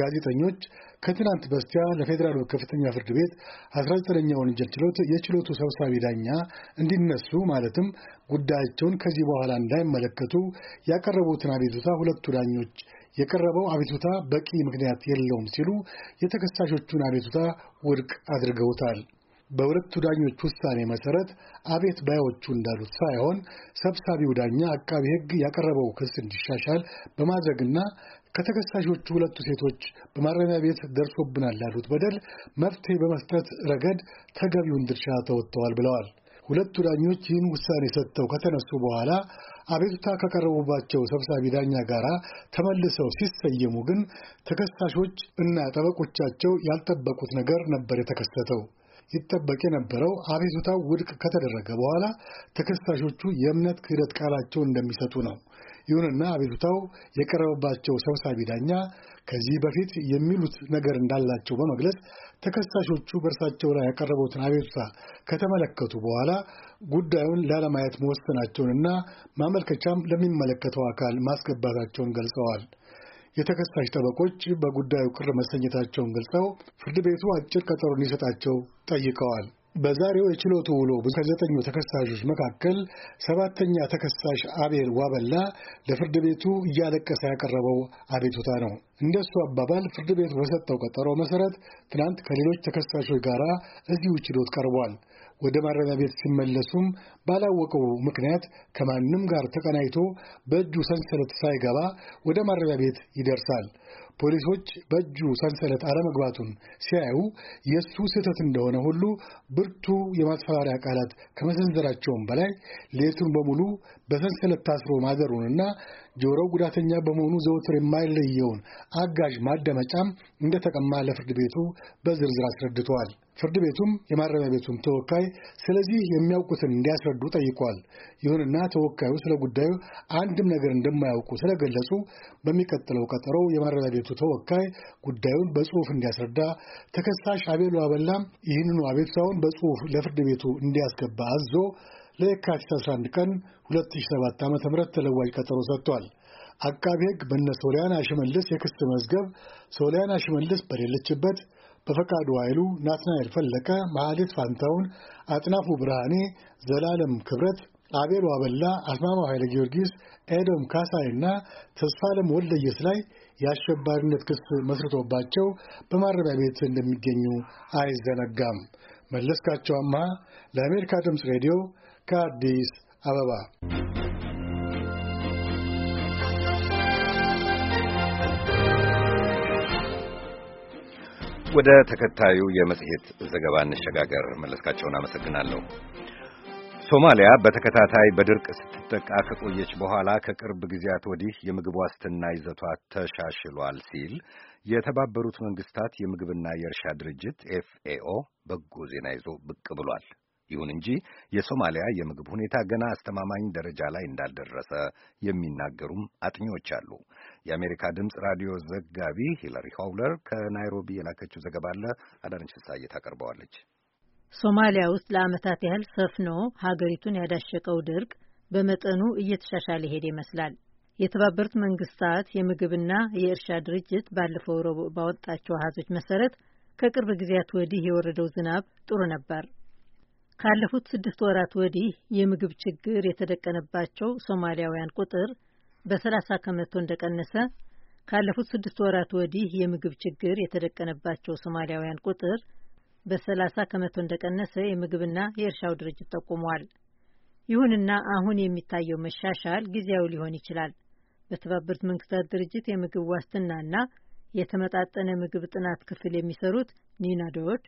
ጋዜጠኞች ከትናንት በስቲያ ለፌዴራሉ ከፍተኛ ፍርድ ቤት 19ኛ ወንጀል ችሎት የችሎቱ ሰብሳቢ ዳኛ እንዲነሱ ማለትም ጉዳያቸውን ከዚህ በኋላ እንዳይመለከቱ ያቀረቡትን አቤቱታ ሁለቱ ዳኞች የቀረበው አቤቱታ በቂ ምክንያት የለውም ሲሉ የተከሳሾቹን አቤቱታ ውድቅ አድርገውታል። በሁለቱ ዳኞች ውሳኔ መሰረት አቤት ባዮቹ እንዳሉት ሳይሆን ሰብሳቢው ዳኛ አቃቢ ሕግ ያቀረበው ክስ እንዲሻሻል በማድረግና ከተከሳሾቹ ሁለቱ ሴቶች በማረሚያ ቤት ደርሶብናል ላሉት በደል መፍትሄ በመስጠት ረገድ ተገቢውን ድርሻ ተወጥተዋል ብለዋል። ሁለቱ ዳኞች ይህን ውሳኔ ሰጥተው ከተነሱ በኋላ አቤቱታ ከቀረቡባቸው ሰብሳቢ ዳኛ ጋር ተመልሰው ሲሰየሙ ግን ተከሳሾች እና ጠበቆቻቸው ያልጠበቁት ነገር ነበር የተከሰተው። ይጠበቅ የነበረው አቤቱታው ውድቅ ከተደረገ በኋላ ተከሳሾቹ የእምነት ክህደት ቃላቸው እንደሚሰጡ ነው። ይሁንና አቤቱታው የቀረበባቸው ሰብሳቢ ዳኛ ከዚህ በፊት የሚሉት ነገር እንዳላቸው በመግለጽ ተከሳሾቹ በእርሳቸው ላይ ያቀረቡትን አቤቱታ ከተመለከቱ በኋላ ጉዳዩን ላለማየት መወሰናቸውንና ማመልከቻም ለሚመለከተው አካል ማስገባታቸውን ገልጸዋል። የተከሳሽ ጠበቆች በጉዳዩ ቅር መሰኘታቸውን ገልጸው ፍርድ ቤቱ አጭር ቀጠሮ እንዲሰጣቸው ጠይቀዋል። በዛሬው የችሎቱ ውሎ ከዘጠኙ ተከሳሾች መካከል ሰባተኛ ተከሳሽ አቤል ዋበላ ለፍርድ ቤቱ እያለቀሰ ያቀረበው አቤቱታ ነው። እንደሱ አባባል ፍርድ ቤቱ በሰጠው ቀጠሮ መሰረት ትናንት ከሌሎች ተከሳሾች ጋር እዚሁ ችሎት ቀርቧል። ወደ ማረሚያ ቤት ሲመለሱም ባላወቀው ምክንያት ከማንም ጋር ተቀናይቶ በእጁ ሰንሰለት ሳይገባ ወደ ማረሚያ ቤት ይደርሳል። ፖሊሶች በእጁ ሰንሰለት አለመግባቱን ሲያዩ የእሱ ስህተት እንደሆነ ሁሉ ብርቱ የማስፈራሪያ ቃላት ከመሰንዘራቸውም በላይ ሌቱን በሙሉ በሰንሰለት ታስሮ ማደሩንና ጆሮው ጉዳተኛ በመሆኑ ዘወትር የማይለየውን አጋዥ ማደመጫም እንደተቀማ ለፍርድ ቤቱ በዝርዝር አስረድተዋል። ፍርድ ቤቱም የማረሚያ ቤቱም ተወካይ ስለዚህ የሚያውቁትን እንዲያስረዱ ጠይቋል። ይሁንና ተወካዩ ስለ ጉዳዩ አንድም ነገር እንደማያውቁ ስለገለጹ በሚቀጥለው ቀጠሮ የማረሚያ ቤቱ ተወካይ ጉዳዩን በጽሑፍ እንዲያስረዳ፣ ተከሳሽ አቤሉ አበላም ይህንኑ አቤቱታውን በጽሁፍ ለፍርድ ቤቱ እንዲያስገባ አዞ ለየካቲት 11 ቀን 2007 ዓ ም ተለዋጅ ቀጠሮ ሰጥቷል። አቃቢ ሕግ በነ ሶሊያና ሽመልስ የክስ መዝገብ ሶሊያና ሽመልስ በሌለችበት በፈቃዱ ኃይሉ፣ ናትናኤል ፈለቀ፣ መሐሌት ፋንታውን፣ አጥናፉ ብርሃኔ፣ ዘላለም ክብረት፣ አቤል ዋበላ፣ አስማማው ኃይለ ጊዮርጊስ፣ ኤዶም ካሳይ እና ተስፋለም ወልደየስ ላይ የአሸባሪነት ክስ መስርቶባቸው በማረሚያ ቤት እንደሚገኙ አይዘነጋም። መለስካቸው አምሃ ለአሜሪካ ድምፅ ሬዲዮ ከአዲስ አበባ ወደ ተከታዩ የመጽሔት ዘገባ እንሸጋገር። መለስካቸውን አመሰግናለሁ። ሶማሊያ በተከታታይ በድርቅ ስትጠቃ ከቆየች በኋላ ከቅርብ ጊዜያት ወዲህ የምግብ ዋስትና ይዘቷ ተሻሽሏል ሲል የተባበሩት መንግስታት የምግብና የእርሻ ድርጅት ኤፍኤኦ በጎ ዜና ይዞ ብቅ ብሏል። ይሁን እንጂ የሶማሊያ የምግብ ሁኔታ ገና አስተማማኝ ደረጃ ላይ እንዳልደረሰ የሚናገሩም አጥኚዎች አሉ። የአሜሪካ ድምፅ ራዲዮ ዘጋቢ ሂለሪ ሆውለር ከናይሮቢ የላከችው ዘገባ አለ። አዳነች ፍስሐዬ ታቀርበዋለች። ሶማሊያ ውስጥ ለዓመታት ያህል ሰፍኖ ሀገሪቱን ያዳሸቀው ድርቅ በመጠኑ እየተሻሻለ ሄደ ይመስላል። የተባበሩት መንግስታት የምግብና የእርሻ ድርጅት ባለፈው ረቡዕ ባወጣቸው አሃዞች መሰረት ከቅርብ ጊዜያት ወዲህ የወረደው ዝናብ ጥሩ ነበር። ካለፉት ስድስት ወራት ወዲህ የምግብ ችግር የተደቀነባቸው ሶማሊያውያን ቁጥር በሰላሳ ከመቶ እንደቀነሰ ካለፉት ስድስት ወራት ወዲህ የምግብ ችግር የተደቀነባቸው ሶማሊያውያን ቁጥር በሰላሳ ከመቶ እንደቀነሰ የምግብና የእርሻው ድርጅት ጠቁሟል። ይሁንና አሁን የሚታየው መሻሻል ጊዜያዊ ሊሆን ይችላል። በተባበሩት መንግስታት ድርጅት የምግብ ዋስትናና የተመጣጠነ ምግብ ጥናት ክፍል የሚሰሩት ኒና ዶድ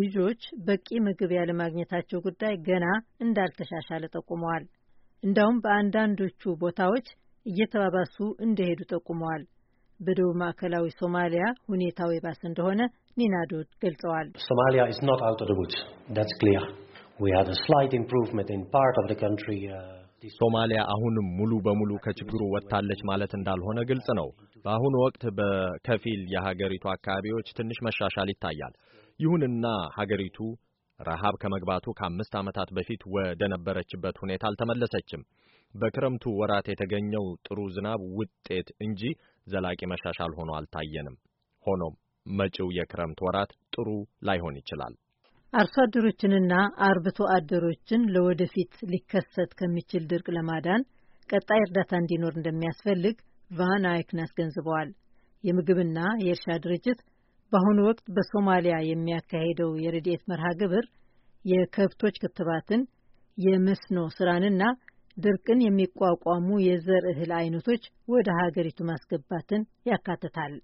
ልጆች በቂ ምግብ ያለማግኘታቸው ጉዳይ ገና እንዳልተሻሻለ ጠቁመዋል። እንዳውም በአንዳንዶቹ ቦታዎች እየተባባሱ እንደሄዱ ጠቁመዋል። በደቡብ ማዕከላዊ ሶማሊያ ሁኔታው የባሰ እንደሆነ ኒናዶድ ገልጸዋል። uh, ሶማሊያ አሁንም ሙሉ በሙሉ ከችግሩ ወጥታለች ማለት እንዳልሆነ ግልጽ ነው። በአሁኑ ወቅት በከፊል የሀገሪቱ አካባቢዎች ትንሽ መሻሻል ይታያል። ይሁንና ሀገሪቱ ረሃብ ከመግባቱ ከአምስት ዓመታት በፊት ወደ ነበረችበት ሁኔታ አልተመለሰችም። በክረምቱ ወራት የተገኘው ጥሩ ዝናብ ውጤት እንጂ ዘላቂ መሻሻል ሆኖ አልታየንም። ሆኖም መጪው የክረምት ወራት ጥሩ ላይሆን ይችላል። አርሶ አደሮችንና አርብቶ አደሮችን ለወደፊት ሊከሰት ከሚችል ድርቅ ለማዳን ቀጣይ እርዳታ እንዲኖር እንደሚያስፈልግ ቫን አይክን አስገንዝበዋል። የምግብና የእርሻ ድርጅት በአሁኑ ወቅት በሶማሊያ የሚያካሄደው የረድኤት መርሃ ግብር የከብቶች ክትባትን፣ የመስኖ ስራንና ድርቅን የሚቋቋሙ የዘር እህል አይነቶች ወደ ሀገሪቱ ማስገባትን ያካትታል።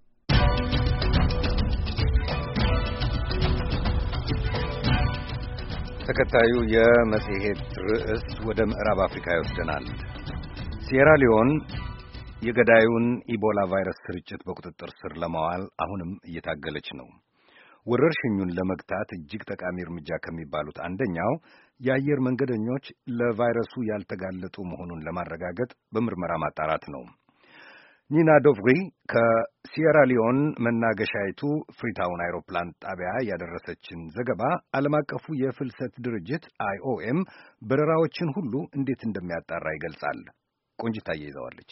ተከታዩ የመጽሔት ርዕስ ወደ ምዕራብ አፍሪካ ይወስደናል። ሴራ ሊዮን የገዳዩን ኢቦላ ቫይረስ ስርጭት በቁጥጥር ስር ለማዋል አሁንም እየታገለች ነው። ወረርሽኙን ለመግታት እጅግ ጠቃሚ እርምጃ ከሚባሉት አንደኛው የአየር መንገደኞች ለቫይረሱ ያልተጋለጡ መሆኑን ለማረጋገጥ በምርመራ ማጣራት ነው። ኒና ዶቭሪ ሊዮን መናገሻይቱ ፍሪታውን አይሮፕላን ጣቢያ ያደረሰችን ዘገባ ዓለም አቀፉ የፍልሰት ድርጅት አይኦኤም በረራዎችን ሁሉ እንዴት እንደሚያጣራ ይገልጻል። ቆንጅታ ይዘዋለች።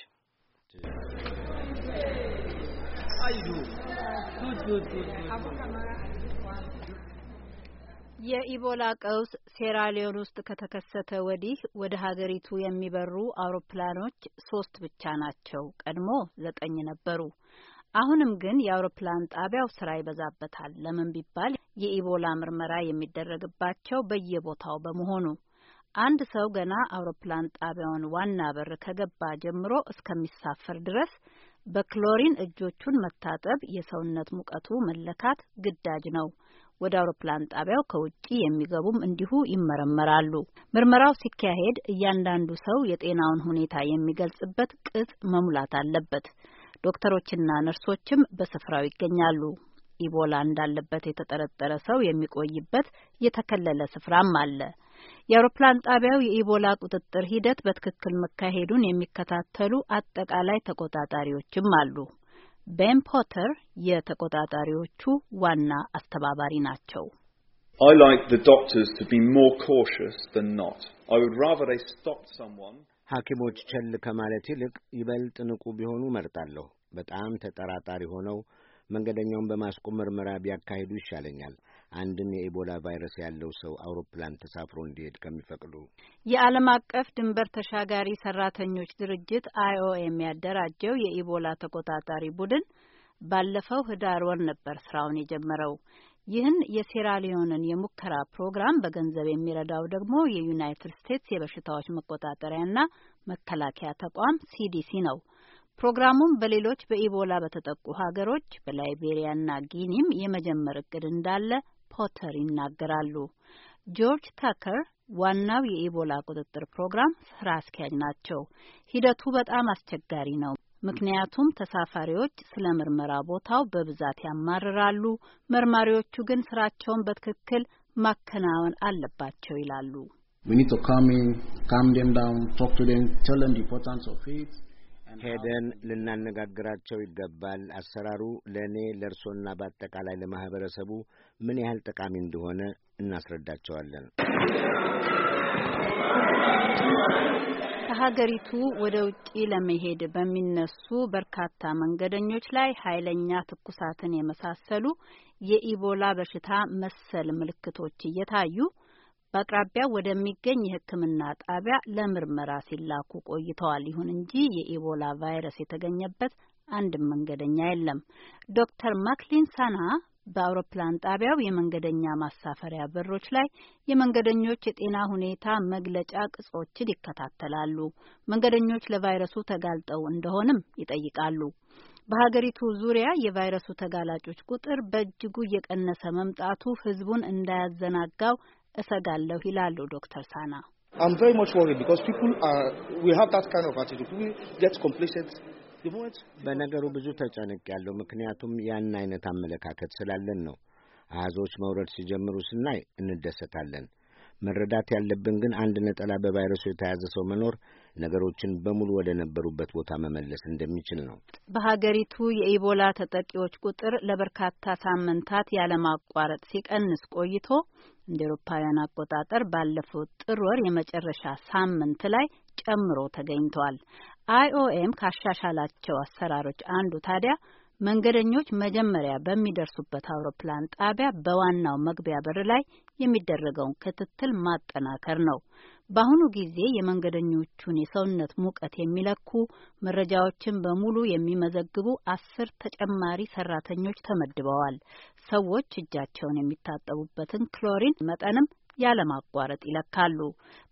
የኢቦላ ቀውስ ሴራሊዮን ውስጥ ከተከሰተ ወዲህ ወደ ሀገሪቱ የሚበሩ አውሮፕላኖች ሶስት ብቻ ናቸው። ቀድሞ ዘጠኝ ነበሩ። አሁንም ግን የአውሮፕላን ጣቢያው ስራ ይበዛበታል። ለምን ቢባል የኢቦላ ምርመራ የሚደረግባቸው በየቦታው በመሆኑ አንድ ሰው ገና አውሮፕላን ጣቢያውን ዋና በር ከገባ ጀምሮ እስከሚሳፈር ድረስ በክሎሪን እጆቹን መታጠብ፣ የሰውነት ሙቀቱ መለካት ግዳጅ ነው። ወደ አውሮፕላን ጣቢያው ከውጭ የሚገቡም እንዲሁ ይመረመራሉ። ምርመራው ሲካሄድ እያንዳንዱ ሰው የጤናውን ሁኔታ የሚገልጽበት ቅጽ መሙላት አለበት። ዶክተሮችና ነርሶችም በስፍራው ይገኛሉ። ኢቦላ እንዳለበት የተጠረጠረ ሰው የሚቆይበት የተከለለ ስፍራም አለ። የአውሮፕላን ጣቢያው የኢቦላ ቁጥጥር ሂደት በትክክል መካሄዱን የሚከታተሉ አጠቃላይ ተቆጣጣሪዎችም አሉ። ቤን ፖተር የተቆጣጣሪዎቹ ዋና አስተባባሪ ናቸው። ሐኪሞች ቸል ከማለት ይልቅ ይበልጥ ንቁ ቢሆኑ መርጣለሁ። በጣም ተጠራጣሪ ሆነው መንገደኛውን በማስቆም ምርመራ ቢያካሂዱ ይሻለኛል። አንድም የኢቦላ ቫይረስ ያለው ሰው አውሮፕላን ተሳፍሮ እንዲሄድ ከሚፈቅዱ የዓለም አቀፍ ድንበር ተሻጋሪ ሰራተኞች ድርጅት አይኦኤም ያደራጀው የኢቦላ ተቆጣጣሪ ቡድን ባለፈው ህዳር ወር ነበር ስራውን የጀመረው። ይህን የሴራሊዮንን የሙከራ ፕሮግራም በገንዘብ የሚረዳው ደግሞ የዩናይትድ ስቴትስ የበሽታዎች መቆጣጠሪያና መከላከያ ተቋም ሲዲሲ ነው። ፕሮግራሙም በሌሎች በኢቦላ በተጠቁ ሀገሮች በላይቤሪያና ጊኒም የመጀመር እቅድ እንዳለ ፖተር ይናገራሉ። ጆርጅ ታከር ዋናው የኢቦላ ቁጥጥር ፕሮግራም ስራ አስኪያጅ ናቸው። ሂደቱ በጣም አስቸጋሪ ነው፣ ምክንያቱም ተሳፋሪዎች ስለ ምርመራ ቦታው በብዛት ያማርራሉ፣ መርማሪዎቹ ግን ስራቸውን በትክክል ማከናወን አለባቸው ይላሉ። ሄደን ልናነጋግራቸው ይገባል። አሰራሩ ለእኔ ለእርሶና በአጠቃላይ ለማህበረሰቡ ምን ያህል ጠቃሚ እንደሆነ እናስረዳቸዋለን። ከሀገሪቱ ወደ ውጪ ለመሄድ በሚነሱ በርካታ መንገደኞች ላይ ኃይለኛ ትኩሳትን የመሳሰሉ የኢቦላ በሽታ መሰል ምልክቶች እየታዩ በአቅራቢያው ወደሚገኝ የሕክምና ጣቢያ ለምርመራ ሲላኩ ቆይተዋል። ይሁን እንጂ የኢቦላ ቫይረስ የተገኘበት አንድም መንገደኛ የለም። ዶክተር ማክሊን ሳና በአውሮፕላን ጣቢያው የመንገደኛ ማሳፈሪያ በሮች ላይ የመንገደኞች የጤና ሁኔታ መግለጫ ቅጾችን ይከታተላሉ። መንገደኞች ለቫይረሱ ተጋልጠው እንደሆንም ይጠይቃሉ። በሀገሪቱ ዙሪያ የቫይረሱ ተጋላጮች ቁጥር በእጅጉ እየቀነሰ መምጣቱ ህዝቡን እንዳያዘናጋው እሰጋለሁ ይላሉ ዶክተር ሳና። በነገሩ ብዙ ተጨንቅ ያለው ምክንያቱም ያን አይነት አመለካከት ስላለን ነው። አሃዞች መውረድ ሲጀምሩ ስናይ እንደሰታለን። መረዳት ያለብን ግን አንድ ነጠላ በቫይረሱ የተያዘ ሰው መኖር ነገሮችን በሙሉ ወደ ነበሩበት ቦታ መመለስ እንደሚችል ነው። በሀገሪቱ የኢቦላ ተጠቂዎች ቁጥር ለበርካታ ሳምንታት ያለማቋረጥ ሲቀንስ ቆይቶ እንደ ኤሮፓውያን አቆጣጠር ባለፈው ጥር ወር የመጨረሻ ሳምንት ላይ ጨምሮ ተገኝተዋል። አይኦኤም ካሻሻላቸው አሰራሮች አንዱ ታዲያ መንገደኞች መጀመሪያ በሚደርሱበት አውሮፕላን ጣቢያ በዋናው መግቢያ በር ላይ የሚደረገውን ክትትል ማጠናከር ነው። በአሁኑ ጊዜ የመንገደኞቹን የሰውነት ሙቀት የሚለኩ መረጃዎችን በሙሉ የሚመዘግቡ አስር ተጨማሪ ሰራተኞች ተመድበዋል። ሰዎች እጃቸውን የሚታጠቡበትን ክሎሪን መጠንም ያለማቋረጥ ይለካሉ።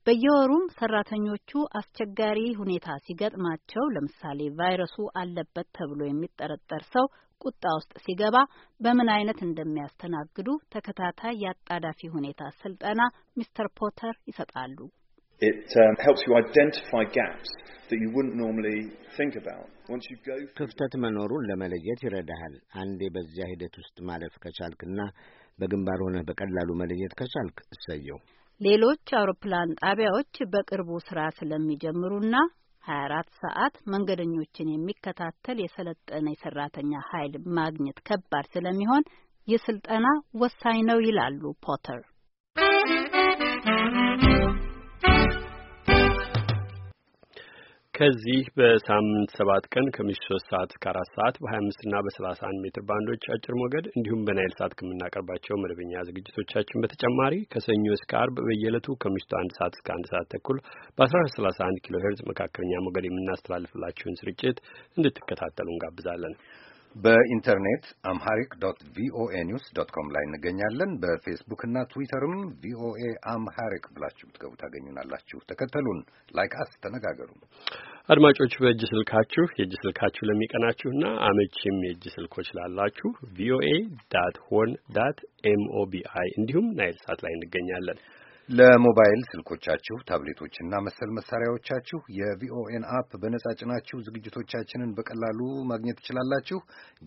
በየወሩም ሰራተኞቹ አስቸጋሪ ሁኔታ ሲገጥማቸው፣ ለምሳሌ ቫይረሱ አለበት ተብሎ የሚጠረጠር ሰው ቁጣ ውስጥ ሲገባ በምን አይነት እንደሚያስተናግዱ ተከታታይ የአጣዳፊ ሁኔታ ስልጠና ሚስተር ፖተር ይሰጣሉ። It um, helps you identify gaps that you wouldn't normally think about. Once you go ክፍተት መኖሩን ለመለየት ይረዳሃል። አንዴ በዚያ ሂደት ውስጥ ማለፍ ከቻልክና በግንባር ሆነህ በቀላሉ መለየት ከቻልክ እሰየው። ሌሎች አውሮፕላን ጣቢያዎች በቅርቡ ስራ ስለሚጀምሩና ሀያ አራት ሰዓት መንገደኞችን የሚከታተል የሰለጠነ የሰራተኛ ኃይል ማግኘት ከባድ ስለሚሆን ይህ ስልጠና ወሳኝ ነው ይላሉ ፖተር። ከዚህ በሳምንት ሰባት ቀን ከምሽት ሶስት ሰዓት እስከ አራት ሰዓት በሀያ አምስት ና በሰላሳ አንድ ሜትር ባንዶች አጭር ሞገድ እንዲሁም በናይል ሰዓት ከምናቀርባቸው መደበኛ ዝግጅቶቻችን በተጨማሪ ከሰኞ እስከ አርብ በየዕለቱ ከምሽቱ አንድ ሰዓት እስከ አንድ ሰዓት ተኩል በአስራ አራት ሰላሳ አንድ ኪሎ ሄርዝ መካከለኛ ሞገድ የምናስተላልፍላችሁን ስርጭት እንድትከታተሉ እንጋብዛለን። በኢንተርኔት አምሃሪክ ዶት ቪኦኤ ኒውስ ዶት ኮም ላይ እንገኛለን። በፌስቡክና ትዊተርም ቪኦኤ አምሃሪክ ብላችሁ ብትገቡ ታገኙናላችሁ። ተከተሉን፣ ላይክ አስ፣ ተነጋገሩ። አድማጮች በእጅ ስልካችሁ የእጅ ስልካችሁ ለሚቀናችሁና አመቺም የእጅ ስልኮች ላላችሁ ቪኦኤ ዳት ሆን ዳት ኤምኦቢአይ እንዲሁም ናይል ሳት ላይ እንገኛለን። ለሞባይል ስልኮቻችሁ ታብሌቶችና መሰል መሳሪያዎቻችሁ የቪኦኤን አፕ በነጻ ጭናችሁ ዝግጅቶቻችንን በቀላሉ ማግኘት ትችላላችሁ።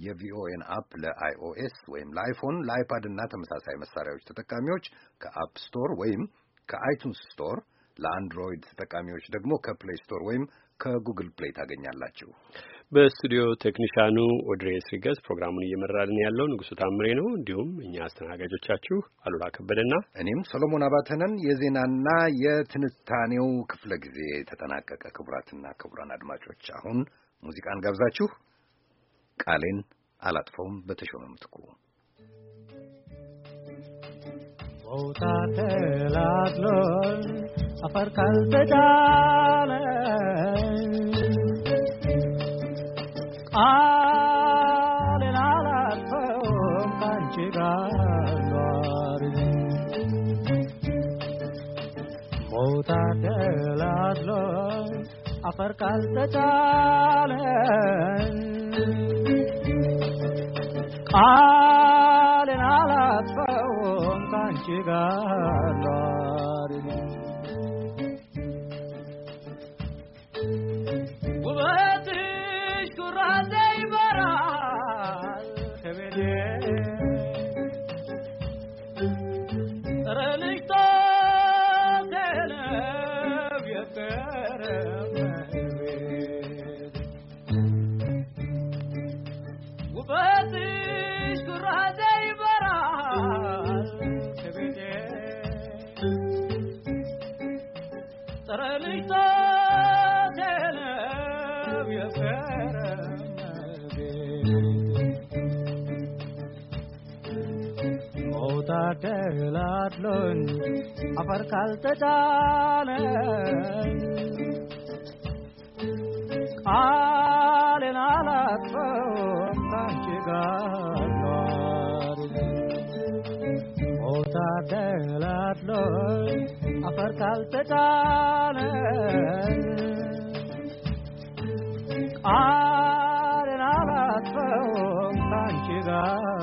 የቪኦኤን አፕ ለአይኦኤስ ወይም ለአይፎን፣ ለአይፓድ እና ተመሳሳይ መሳሪያዎች ተጠቃሚዎች ከአፕ ስቶር ወይም ከአይቱንስ ስቶር ለአንድሮይድ ተጠቃሚዎች ደግሞ ከፕሌይ ስቶር ወይም ከጉግል ፕሌይ ታገኛላችሁ። በስቱዲዮ ቴክኒሻኑ ኦድሬ ስሪገዝ ፕሮግራሙን እየመራልን ያለው ንጉሱ ታምሬ ነው። እንዲሁም እኛ አስተናጋጆቻችሁ አሉላ ከበደና እኔም ሰሎሞን አባተነን። የዜናና የትንታኔው ክፍለ ጊዜ ተጠናቀቀ። ክቡራትና ክቡራን አድማጮች አሁን ሙዚቃን ጋብዛችሁ ቃሌን አላጥፈውም በተሾመ ምትኩ ቦታ ሰፈር ካልተቻለ ቃሌን አላጥፈውም ካንቺ ጋር ኗሪ ሞታ አፈር ካልተቻለ ቃሌን አላጥፈውም ካንቺ ጋር ተላድሎን አፈር ካልተጫነ ቃሌን አላጥፈውም ካንቺ ጋር ሞታ ተላድሎን አፈር ካልተጫነ ቃሌን አላጥፈውም ካንቺ ጋር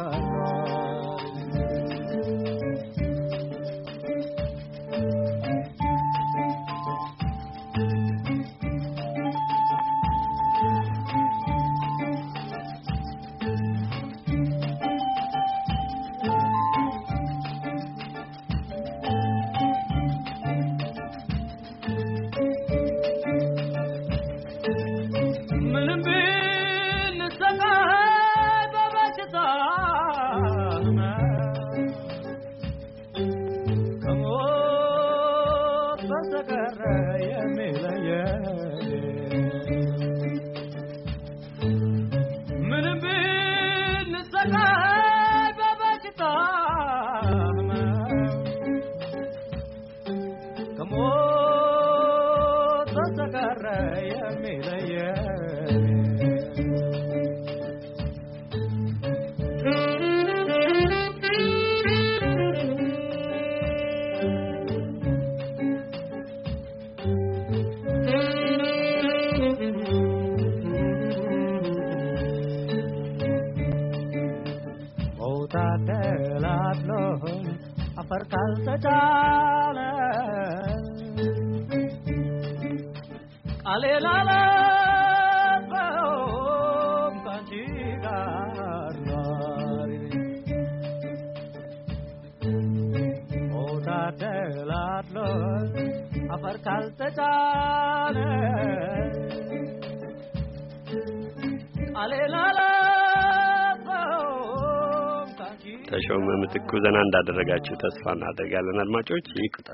ተሾመ ምትኩ ዘና እንዳደረጋችሁ ተስፋ እናደርጋለን። አድማጮች ይቅጣ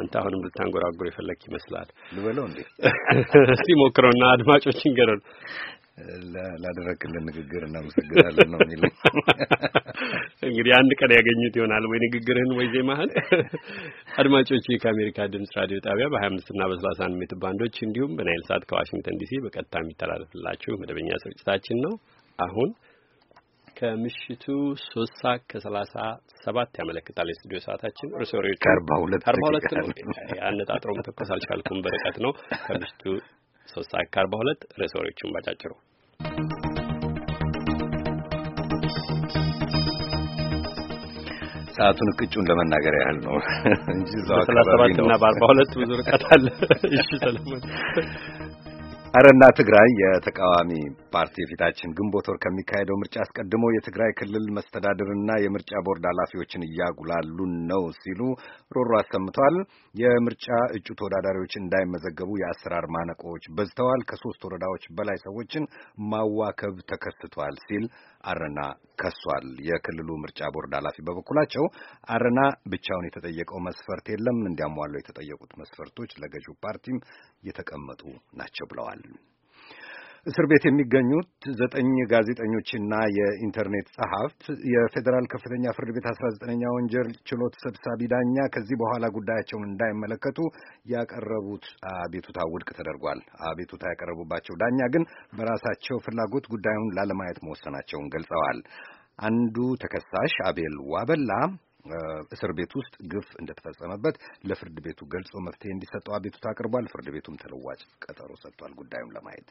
አንተ አሁንም ልታንጎራጉር የፈለክ ይመስላል። ልበለው እንዴ? እስቲ ሞክረውና አድማጮች እንገረን። ላደረግልን ንግግር እናመሰግናለን ነው የሚለኝ። እንግዲህ አንድ ቀን ያገኙት ይሆናል ወይ ንግግርህን ወይ ዜማህን። አድማጮች ከአሜሪካ ድምጽ ራዲዮ ጣቢያ በሀያ አምስት እና በሰላሳ 31 ሜትር ባንዶች እንዲሁም በናይል ሰዓት ከዋሽንግተን ዲሲ በቀጥታ የሚተላለፍላችሁ መደበኛ ስርጭታችን ነው። አሁን ከምሽቱ ሶስት ሰዓት ከሰላሳ ሰባት ያመለክታል የስቱዲዮ ሰዓታችን። ርዕሰ ወሬዎች ከአርባ ሁለት ነው። አነጣጥሮ መተኮስ አልቻልኩም፣ በርቀት ነው። ከምሽቱ ሶስት ሰዓት ከአርባ ሁለት ርዕሰ ወሬዎችን ባጫጭሩ ሰዓቱን እቅጩን ለመናገር ያህል ነው (laughs) እንጂ እዛው አካባቢ ነው እና በአርባ ሁለት ብዙ ርቀት አለ። (laughs) እሺ ሰለሞን አረና ትግራይ የተቃዋሚ ፓርቲ የፊታችን ግንቦት ወር ከሚካሄደው ምርጫ አስቀድሞ የትግራይ ክልል መስተዳድርና የምርጫ ቦርድ ኃላፊዎችን እያጉላሉን ነው ሲሉ ሮሮ አሰምተዋል። የምርጫ እጩ ተወዳዳሪዎች እንዳይመዘገቡ የአሰራር ማነቆዎች በዝተዋል፣ ከሶስት ወረዳዎች በላይ ሰዎችን ማዋከብ ተከስቷል ሲል አረና ከሷል። የክልሉ ምርጫ ቦርድ ኃላፊ በበኩላቸው አረና ብቻውን የተጠየቀው መስፈርት የለም፣ እንዲያሟሉ የተጠየቁት መስፈርቶች ለገዢው ፓርቲም የተቀመጡ ናቸው ብለዋል። እስር ቤት የሚገኙት ዘጠኝ ጋዜጠኞችና የኢንተርኔት ጸሐፍት የፌዴራል ከፍተኛ ፍርድ ቤት አስራ ዘጠነኛ ወንጀል ችሎት ሰብሳቢ ዳኛ ከዚህ በኋላ ጉዳያቸውን እንዳይመለከቱ ያቀረቡት አቤቱታ ውድቅ ተደርጓል። አቤቱታ ያቀረቡባቸው ዳኛ ግን በራሳቸው ፍላጎት ጉዳዩን ላለማየት መወሰናቸውን ገልጸዋል። አንዱ ተከሳሽ አቤል ዋበላ እስር ቤት ውስጥ ግፍ እንደተፈጸመበት ለፍርድ ቤቱ ገልጾ መፍትሄ እንዲሰጠው አቤቱታ አቅርቧል። ፍርድ ቤቱም ተለዋጭ ቀጠሮ ሰጥቷል ጉዳዩን ለማየት።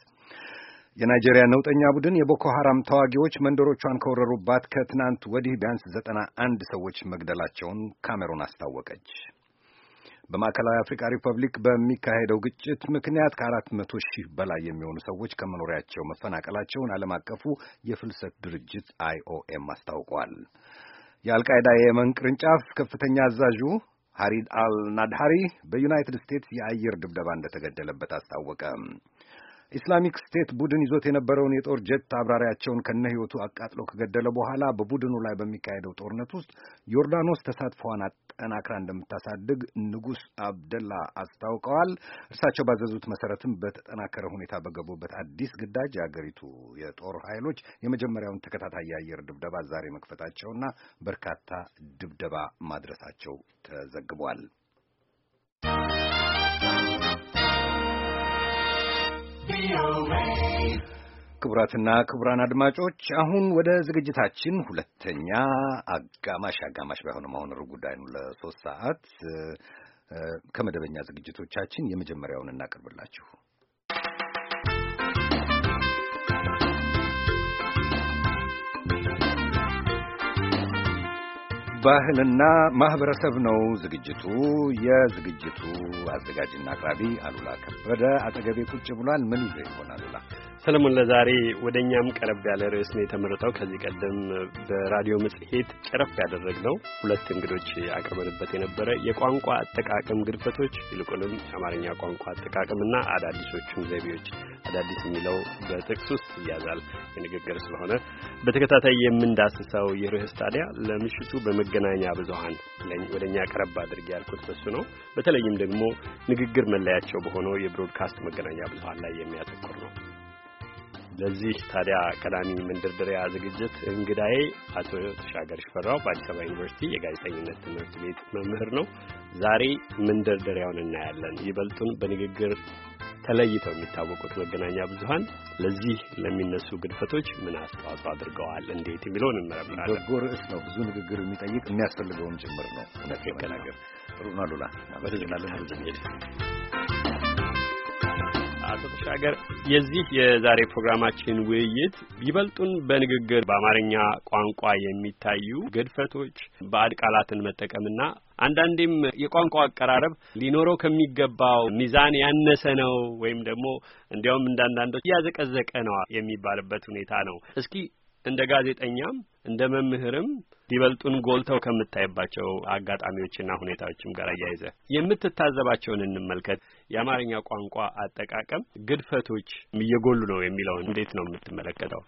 የናይጄሪያ ነውጠኛ ቡድን የቦኮ ሐራም ተዋጊዎች መንደሮቿን ከወረሩባት ከትናንት ወዲህ ቢያንስ ዘጠና አንድ ሰዎች መግደላቸውን ካሜሩን አስታወቀች። በማዕከላዊ አፍሪካ ሪፐብሊክ በሚካሄደው ግጭት ምክንያት ከአራት መቶ ሺህ በላይ የሚሆኑ ሰዎች ከመኖሪያቸው መፈናቀላቸውን ዓለም አቀፉ የፍልሰት ድርጅት አይኦኤም አስታውቋል። የአልቃይዳ የየመን ቅርንጫፍ ከፍተኛ አዛዡ ሀሪድ አል ናድሃሪ በዩናይትድ ስቴትስ የአየር ድብደባ እንደተገደለበት አስታወቀ። ኢስላሚክ ስቴት ቡድን ይዞት የነበረውን የጦር ጀት አብራሪያቸውን ከነ ህይወቱ አቃጥሎ ከገደለ በኋላ በቡድኑ ላይ በሚካሄደው ጦርነት ውስጥ ዮርዳኖስ ተሳትፎዋን አጠናክራ እንደምታሳድግ ንጉስ አብደላ አስታውቀዋል። እርሳቸው ባዘዙት መሰረትም በተጠናከረ ሁኔታ በገቡበት አዲስ ግዳጅ የአገሪቱ የጦር ኃይሎች የመጀመሪያውን ተከታታይ የአየር ድብደባ ዛሬ መክፈታቸውና በርካታ ድብደባ ማድረሳቸው ተዘግቧል። ክቡራትና ክቡራን አድማጮች አሁን ወደ ዝግጅታችን ሁለተኛ አጋማሽ አጋማሽ ባይሆንም አሁን ሩብ ጉዳይ ነው። ለሶስት ሰዓት ከመደበኛ ዝግጅቶቻችን የመጀመሪያውን እናቀርብላችሁ። ባህልና ማህበረሰብ ነው ዝግጅቱ። የዝግጅቱ አዘጋጅና አቅራቢ አሉላ ከበደ አጠገቤ ቁጭ ብሏል። ምን ይዘ ይሆን አሉላ? ሰለሞን፣ ለዛሬ ወደ እኛም ቀረብ ያለ ርዕስ ነው የተመረጠው። ከዚህ ቀደም በራዲዮ መጽሔት ጨረፍ ያደረግነው ሁለት እንግዶች አቅርበንበት የነበረ የቋንቋ አጠቃቀም ግድፈቶች፣ ይልቁንም የአማርኛ ቋንቋ አጠቃቀምና አዳዲሶቹን ዘይቤዎች፣ አዳዲስ የሚለው በጥቅስ ውስጥ ይያዛል። የንግግር ስለሆነ በተከታታይ የምንዳስሰው ይህ ርዕስ ታዲያ ለምሽቱ በመገናኛ ብዙኃን ወደ እኛ ቀረብ አድርጌ ያልኩት በሱ ነው። በተለይም ደግሞ ንግግር መለያቸው በሆነው የብሮድካስት መገናኛ ብዙኃን ላይ የሚያተኩር ነው። ለዚህ ታዲያ ቀዳሚ መንደርደሪያ ዝግጅት እንግዳዬ አቶ ተሻገር ሽፈራው በአዲስ አበባ ዩኒቨርሲቲ የጋዜጠኝነት ትምህርት ቤት መምህር ነው። ዛሬ መንደርደሪያውን እናያለን። ይበልጡን በንግግር ተለይተው የሚታወቁት መገናኛ ብዙሀን ለዚህ ለሚነሱ ግድፈቶች ምን አስተዋጽኦ አድርገዋል፣ እንዴት የሚለውን እንመረምራለን። በጎ ርዕስ ነው። ብዙ ንግግር የሚጠይቅ የሚያስፈልገውም ጭምር ነው። እውነት መናገር ጥሩ ነው። አሉላ አመሰግናለሁ። አቶ ተሻገር የዚህ የዛሬ ፕሮግራማችን ውይይት ይበልጡን በንግግር በአማርኛ ቋንቋ የሚታዩ ግድፈቶች፣ ባዕድ ቃላትን መጠቀምና አንዳንዴም የቋንቋ አቀራረብ ሊኖረው ከሚገባው ሚዛን ያነሰ ነው ወይም ደግሞ እንዲያውም እንዳንዳንዶች እያዘቀዘቀ ነው የሚባልበት ሁኔታ ነው። እስኪ እንደ ጋዜጠኛም እንደ መምህርም ሊበልጡን ጎልተው ከምታይባቸው አጋጣሚዎችና ሁኔታዎችም ጋር አያይዘ የምትታዘባቸውን እንመልከት። የአማርኛ ቋንቋ አጠቃቀም ግድፈቶች እየጎሉ ነው የሚለውን እንዴት ነው የምትመለከተው?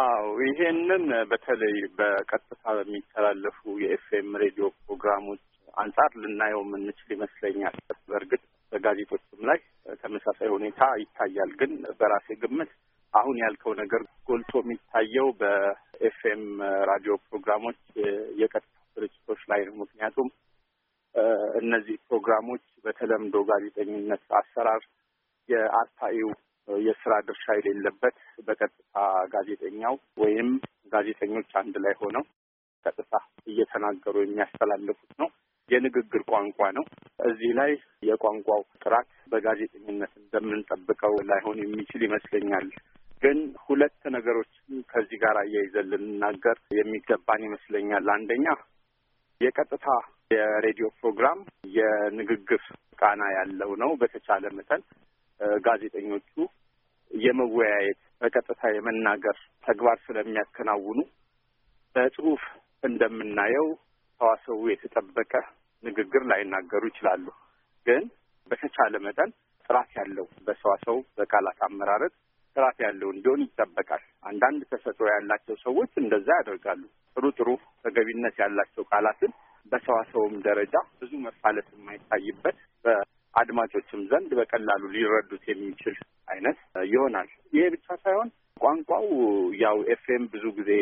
አዎ ይሄንን በተለይ በቀጥታ በሚተላለፉ የኤፍኤም ሬዲዮ ፕሮግራሞች አንጻር ልናየው የምንችል ይመስለኛል። በእርግጥ በጋዜጦችም ላይ ተመሳሳይ ሁኔታ ይታያል። ግን በራሴ ግምት አሁን ያልከው ነገር ጎልቶ የሚታየው በኤፍኤም ራዲዮ ፕሮግራሞች የቀጥታ ስርጭቶች ላይ ነው። ምክንያቱም እነዚህ ፕሮግራሞች በተለምዶ ጋዜጠኝነት አሰራር የአርታኢው የስራ ድርሻ የሌለበት በቀጥታ ጋዜጠኛው ወይም ጋዜጠኞች አንድ ላይ ሆነው ቀጥታ እየተናገሩ የሚያስተላልፉት ነው። የንግግር ቋንቋ ነው። እዚህ ላይ የቋንቋው ጥራት በጋዜጠኝነት እንደምንጠብቀው ላይሆን የሚችል ይመስለኛል። ግን ሁለት ነገሮችን ከዚህ ጋር እያይዘን ልንናገር የሚገባን ይመስለኛል። አንደኛ የቀጥታ የሬዲዮ ፕሮግራም የንግግር ቃና ያለው ነው። በተቻለ መጠን ጋዜጠኞቹ የመወያየት በቀጥታ የመናገር ተግባር ስለሚያከናውኑ በጽሁፍ እንደምናየው ሰው የተጠበቀ ንግግር ላይናገሩ ይችላሉ። ግን በተቻለ መጠን ጥራት ያለው በሰዋሰው በቃላት አመራረት ጥራት ያለው እንዲሆን ይጠበቃል። አንዳንድ ተሰጥኦ ያላቸው ሰዎች እንደዛ ያደርጋሉ። ጥሩ ጥሩ ተገቢነት ያላቸው ቃላትን በሰዋሰውም ደረጃ ብዙ መፋለስ የማይታይበት በአድማጮችም ዘንድ በቀላሉ ሊረዱት የሚችል አይነት ይሆናል። ይሄ ብቻ ሳይሆን ቋንቋው ያው ኤፍሬም ብዙ ጊዜ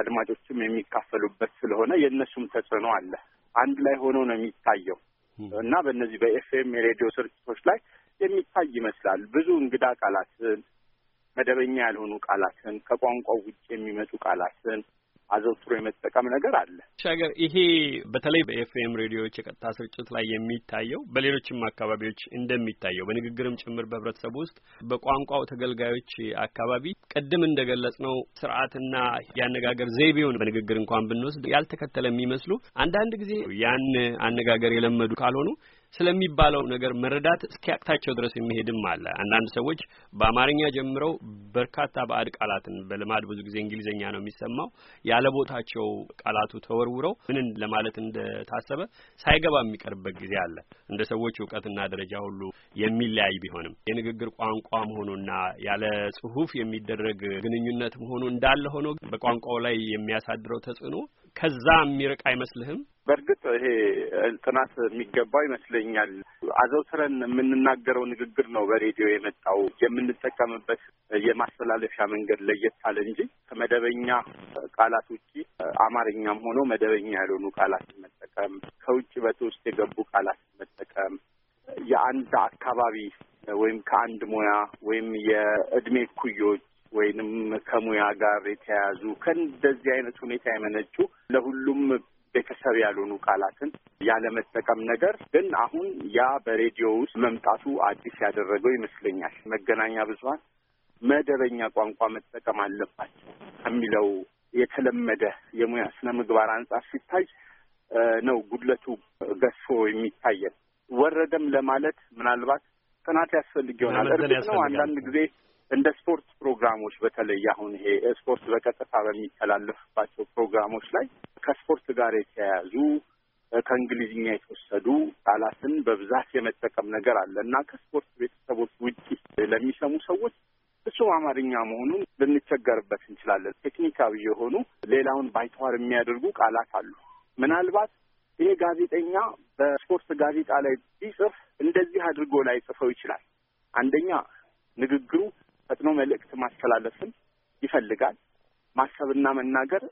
አድማጮችም የሚካፈሉበት ስለሆነ የእነሱም ተጽዕኖ አለ። አንድ ላይ ሆኖ ነው የሚታየው እና በእነዚህ በኤፍኤም የሬዲዮ ስርጭቶች ላይ የሚታይ ይመስላል። ብዙ እንግዳ ቃላትን፣ መደበኛ ያልሆኑ ቃላትን፣ ከቋንቋው ውጭ የሚመጡ ቃላትን አዘውትሮ የመጠቀም ነገር አለ። ሻገር ይሄ በተለይ በኤፍኤም ሬዲዮዎች የቀጥታ ስርጭት ላይ የሚታየው በሌሎችም አካባቢዎች እንደሚታየው በንግግርም ጭምር በህብረተሰቡ ውስጥ በቋንቋው ተገልጋዮች አካባቢ ቅድም እንደገለጽ ነው ስርዓትና የአነጋገር ዘይቤውን በንግግር እንኳን ብንወስድ ያልተከተለ የሚመስሉ አንዳንድ ጊዜ ያን አነጋገር የለመዱ ካልሆኑ ስለሚባለው ነገር መረዳት እስኪያቅታቸው ድረስ የሚሄድም አለ። አንዳንድ ሰዎች በአማርኛ ጀምረው በርካታ ባዕድ ቃላትን በልማድ ብዙ ጊዜ እንግሊዝኛ ነው የሚሰማው ያለ ቦታቸው ቃላቱ ተወርውረው ምንን ለማለት እንደታሰበ ሳይገባ የሚቀርበት ጊዜ አለ። እንደ ሰዎች እውቀትና ደረጃ ሁሉ የሚለያይ ቢሆንም የንግግር ቋንቋ መሆኑና ያለ ጽሁፍ የሚደረግ ግንኙነት መሆኑ እንዳለ ሆኖ በቋንቋው ላይ የሚያሳድረው ተጽዕኖ ከዛ የሚርቅ አይመስልህም? በእርግጥ ይሄ ጥናት የሚገባው ይመስለኛል። አዘውትረን የምንናገረው ንግግር ነው በሬዲዮ የመጣው የምንጠቀምበት የማስተላለፊያ መንገድ ለየት አለ እንጂ ከመደበኛ ቃላት ውጭ አማርኛም ሆኖ መደበኛ ያልሆኑ ቃላት መጠቀም፣ ከውጭ ውስጥ የገቡ ቃላት መጠቀም፣ የአንድ አካባቢ ወይም ከአንድ ሙያ ወይም የእድሜ ኩዮች ወይንም ከሙያ ጋር የተያያዙ ከእንደዚህ አይነት ሁኔታ የመነጩ ለሁሉም ቤተሰብ ያልሆኑ ቃላትን ያለመጠቀም ነገር ግን አሁን ያ በሬዲዮ ውስጥ መምጣቱ አዲስ ያደረገው ይመስለኛል። መገናኛ ብዙኃን መደበኛ ቋንቋ መጠቀም አለባቸው ከሚለው የተለመደ የሙያ ስነ ምግባር አንጻር ሲታይ ነው ጉድለቱ ገዝፎ የሚታየን። ወረደም ለማለት ምናልባት ጥናት ያስፈልግ ይሆናል። እርግጥ ነው አንዳንድ ጊዜ እንደ ስፖርት ፕሮግራሞች በተለይ አሁን ይሄ ስፖርት በቀጥታ በሚተላለፍባቸው ፕሮግራሞች ላይ ከስፖርት ጋር የተያያዙ ከእንግሊዝኛ የተወሰዱ ቃላትን በብዛት የመጠቀም ነገር አለ እና ከስፖርት ቤተሰቦች ውጪ ለሚሰሙ ሰዎች እሱ አማርኛ መሆኑን ልንቸገርበት እንችላለን። ቴክኒካዊ የሆኑ ሌላውን ባይተዋር የሚያደርጉ ቃላት አሉ። ምናልባት ይሄ ጋዜጠኛ በስፖርት ጋዜጣ ላይ ቢጽፍ እንደዚህ አድርጎ ላይ ጽፈው ይችላል። አንደኛ ንግግሩ ፈጥኖ መልእክት ማስተላለፍን ይፈልጋል። ማሰብና መናገር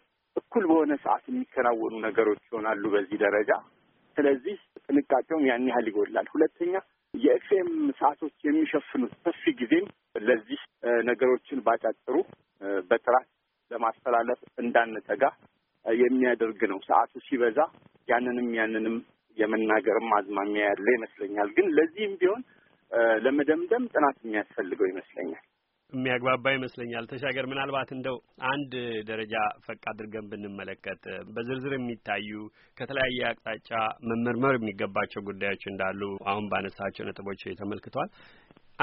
እኩል በሆነ ሰዓት የሚከናወኑ ነገሮች ይሆናሉ በዚህ ደረጃ። ስለዚህ ጥንቃቄውም ያን ያህል ይጎላል። ሁለተኛ የኤፍኤም ሰዓቶች የሚሸፍኑት ሰፊ ጊዜም ለዚህ ነገሮችን ባጫጭሩ በጥራት ለማስተላለፍ እንዳንተጋ የሚያደርግ ነው። ሰዓቱ ሲበዛ ያንንም ያንንም የመናገርም አዝማሚያ ያለ ይመስለኛል። ግን ለዚህም ቢሆን ለመደምደም ጥናት የሚያስፈልገው ይመስለኛል። የሚያግባባ ይመስለኛል። ተሻገር፣ ምናልባት እንደው አንድ ደረጃ ፈቅ አድርገን ብንመለከት በዝርዝር የሚታዩ ከተለያየ አቅጣጫ መመርመር የሚገባቸው ጉዳዮች እንዳሉ አሁን ባነሳቸው ነጥቦች ተመልክቷል።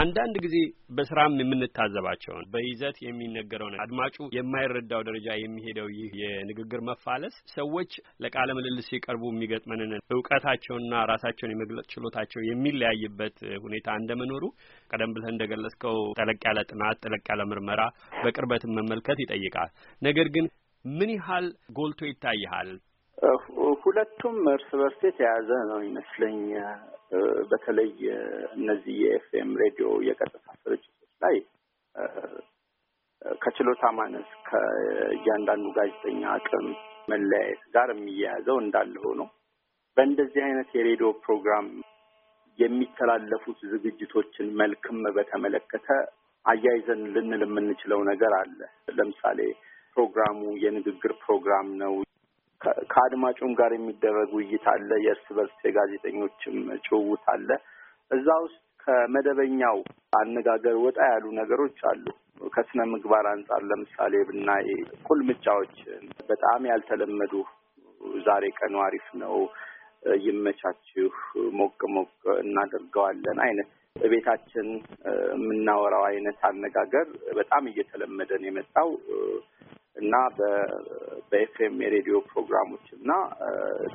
አንዳንድ ጊዜ በስራም የምንታዘባቸውን በይዘት የሚነገረው አድማጩ የማይረዳው ደረጃ የሚሄደው ይህ የንግግር መፋለስ ሰዎች ለቃለ ምልልስ ሲቀርቡ የሚገጥመንን እውቀታቸውና ራሳቸውን የመግለጽ ችሎታቸው የሚለያይበት ሁኔታ እንደመኖሩ ቀደም ብለህ እንደገለጽከው ጠለቅ ያለ ጥናት፣ ጠለቅ ያለ ምርመራ በቅርበትን መመልከት ይጠይቃል። ነገር ግን ምን ያህል ጎልቶ ይታይሃል? ሁለቱም እርስ በርስ የተያዘ ነው ይመስለኝ። በተለይ እነዚህ የኤፍኤም ሬዲዮ የቀጥታ ስርጭቶች ላይ ከችሎታ ማነስ ከእያንዳንዱ ጋዜጠኛ አቅም መለያየት ጋር የሚያያዘው እንዳለ ሆኖ በእንደዚህ አይነት የሬዲዮ ፕሮግራም የሚተላለፉት ዝግጅቶችን መልክም በተመለከተ አያይዘን ልንል የምንችለው ነገር አለ። ለምሳሌ ፕሮግራሙ የንግግር ፕሮግራም ነው ከአድማጩም ጋር የሚደረግ ውይይት አለ። የእርስ በርስ የጋዜጠኞችም ጭውውት አለ። እዛ ውስጥ ከመደበኛው አነጋገር ወጣ ያሉ ነገሮች አሉ። ከስነ ምግባር አንጻር ለምሳሌ ብናይ ቁልምጫዎች በጣም ያልተለመዱ ዛሬ ቀኑ አሪፍ ነው፣ ይመቻችሁ፣ ሞቅ ሞቅ እናደርገዋለን አይነት ቤታችን የምናወራው አይነት አነጋገር በጣም እየተለመደ ነው የመጣው እና በኤፍኤም የሬዲዮ ፕሮግራሞች እና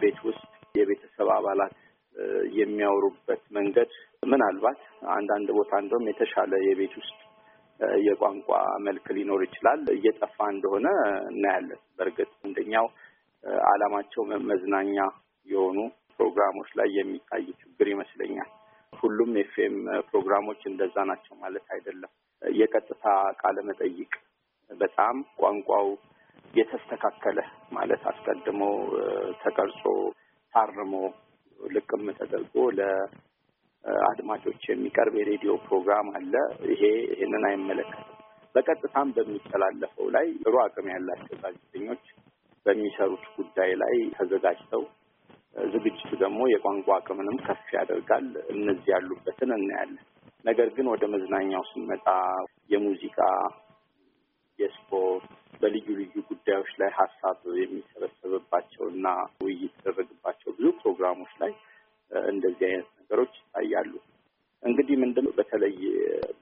ቤት ውስጥ የቤተሰብ አባላት የሚያወሩበት መንገድ ምናልባት አንዳንድ ቦታ እንደውም የተሻለ የቤት ውስጥ የቋንቋ መልክ ሊኖር ይችላል እየጠፋ እንደሆነ እናያለን። በእርግጥ አንደኛው አላማቸው መዝናኛ የሆኑ ፕሮግራሞች ላይ የሚታይ ችግር ይመስለኛል። ሁሉም የኤፍኤም ፕሮግራሞች እንደዛ ናቸው ማለት አይደለም። የቀጥታ ቃለ መጠይቅ በጣም ቋንቋው የተስተካከለ ማለት አስቀድሞ ተቀርጾ ታርሞ ልቅም ተደርጎ ለአድማጮች የሚቀርብ የሬዲዮ ፕሮግራም አለ። ይሄ ይህንን አይመለከትም። በቀጥታም በሚተላለፈው ላይ ጥሩ አቅም ያላቸው ጋዜጠኞች በሚሰሩት ጉዳይ ላይ ተዘጋጅተው ዝግጅቱ ደግሞ የቋንቋ አቅምንም ከፍ ያደርጋል። እነዚህ ያሉበትን እናያለን። ነገር ግን ወደ መዝናኛው ስንመጣ የሙዚቃ፣ የስፖርት በልዩ ልዩ ጉዳዮች ላይ ሀሳብ የሚሰበሰብባቸው እና ውይይት ይደረግባቸው ብዙ ፕሮግራሞች ላይ እንደዚህ አይነት ነገሮች ይታያሉ። እንግዲህ ምንድን ነው በተለይ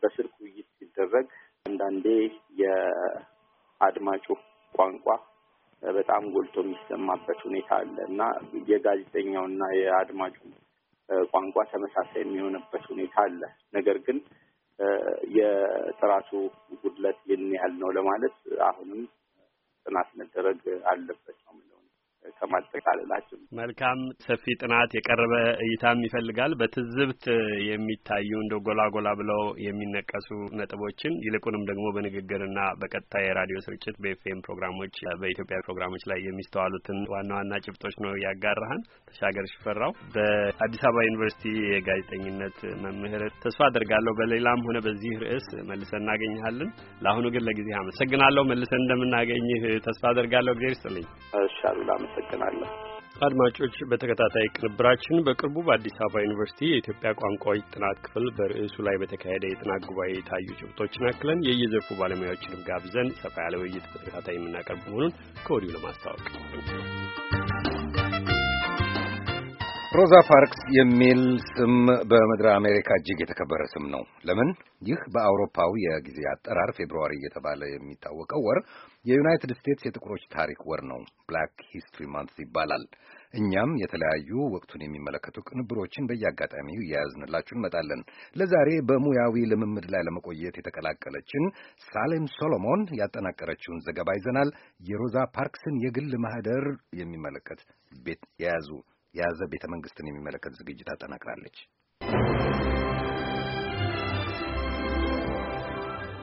በስልክ ውይይት ሲደረግ አንዳንዴ የአድማጩ ቋንቋ በጣም ጎልቶ የሚሰማበት ሁኔታ አለ እና የጋዜጠኛውና የአድማጩ ቋንቋ ተመሳሳይ የሚሆንበት ሁኔታ አለ። ነገር ግን የጥራቱ ጉድለት ይህን ያህል ነው ለማለት አሁንም ጥናት መደረግ አለበት ነው። ከማጠቃለላችን መልካም ሰፊ ጥናት የቀረበ እይታም ይፈልጋል። በትዝብት የሚታዩ እንደ ጎላጎላ ብለው የሚነቀሱ ነጥቦችን ይልቁንም ደግሞ በንግግርና በቀጥታ የራዲዮ ስርጭት በኤፍኤም ፕሮግራሞች በኢትዮጵያ ፕሮግራሞች ላይ የሚስተዋሉትን ዋና ዋና ጭብጦች ነው ያጋራሃን። ተሻገር ሽፈራው በአዲስ አበባ ዩኒቨርሲቲ የጋዜጠኝነት መምህር፣ ተስፋ አደርጋለሁ በሌላም ሆነ በዚህ ርዕስ መልሰን እናገኘሃለን። ለአሁኑ ግን ለጊዜ አመሰግናለሁ። መልሰን እንደምናገኝህ ተስፋ አድርጋለሁ። እግዜር ይስጥልኝ። አመሰግናለሁ። አድማጮች በተከታታይ ቅንብራችን በቅርቡ በአዲስ አበባ ዩኒቨርሲቲ የኢትዮጵያ ቋንቋዎች ጥናት ክፍል በርዕሱ ላይ በተካሄደ የጥናት ጉባኤ የታዩ ጭብጦችን አክለን የየዘርፉ ባለሙያዎችን ጋብዘን ሰፋ ያለ ውይይት በተከታታይ የምናቀርብ መሆኑን ከወዲሁ ለማስታወቅ ሮዛ ፓርክስ የሚል ስም በምድረ አሜሪካ እጅግ የተከበረ ስም ነው። ለምን? ይህ በአውሮፓው የጊዜ አጠራር ፌብርዋሪ እየተባለ የሚታወቀው ወር የዩናይትድ ስቴትስ የጥቁሮች ታሪክ ወር ነው። ብላክ ሂስትሪ ማንት ይባላል። እኛም የተለያዩ ወቅቱን የሚመለከቱ ቅንብሮችን በየአጋጣሚው እያያዝንላችሁ እንመጣለን። ለዛሬ በሙያዊ ልምምድ ላይ ለመቆየት የተቀላቀለችን ሳሌም ሶሎሞን ያጠናቀረችውን ዘገባ ይዘናል። የሮዛ ፓርክስን የግል ማህደር የሚመለከት ቤት የያዙ የያዘ ቤተ መንግስትን የሚመለከት ዝግጅት አጠናቅራለች።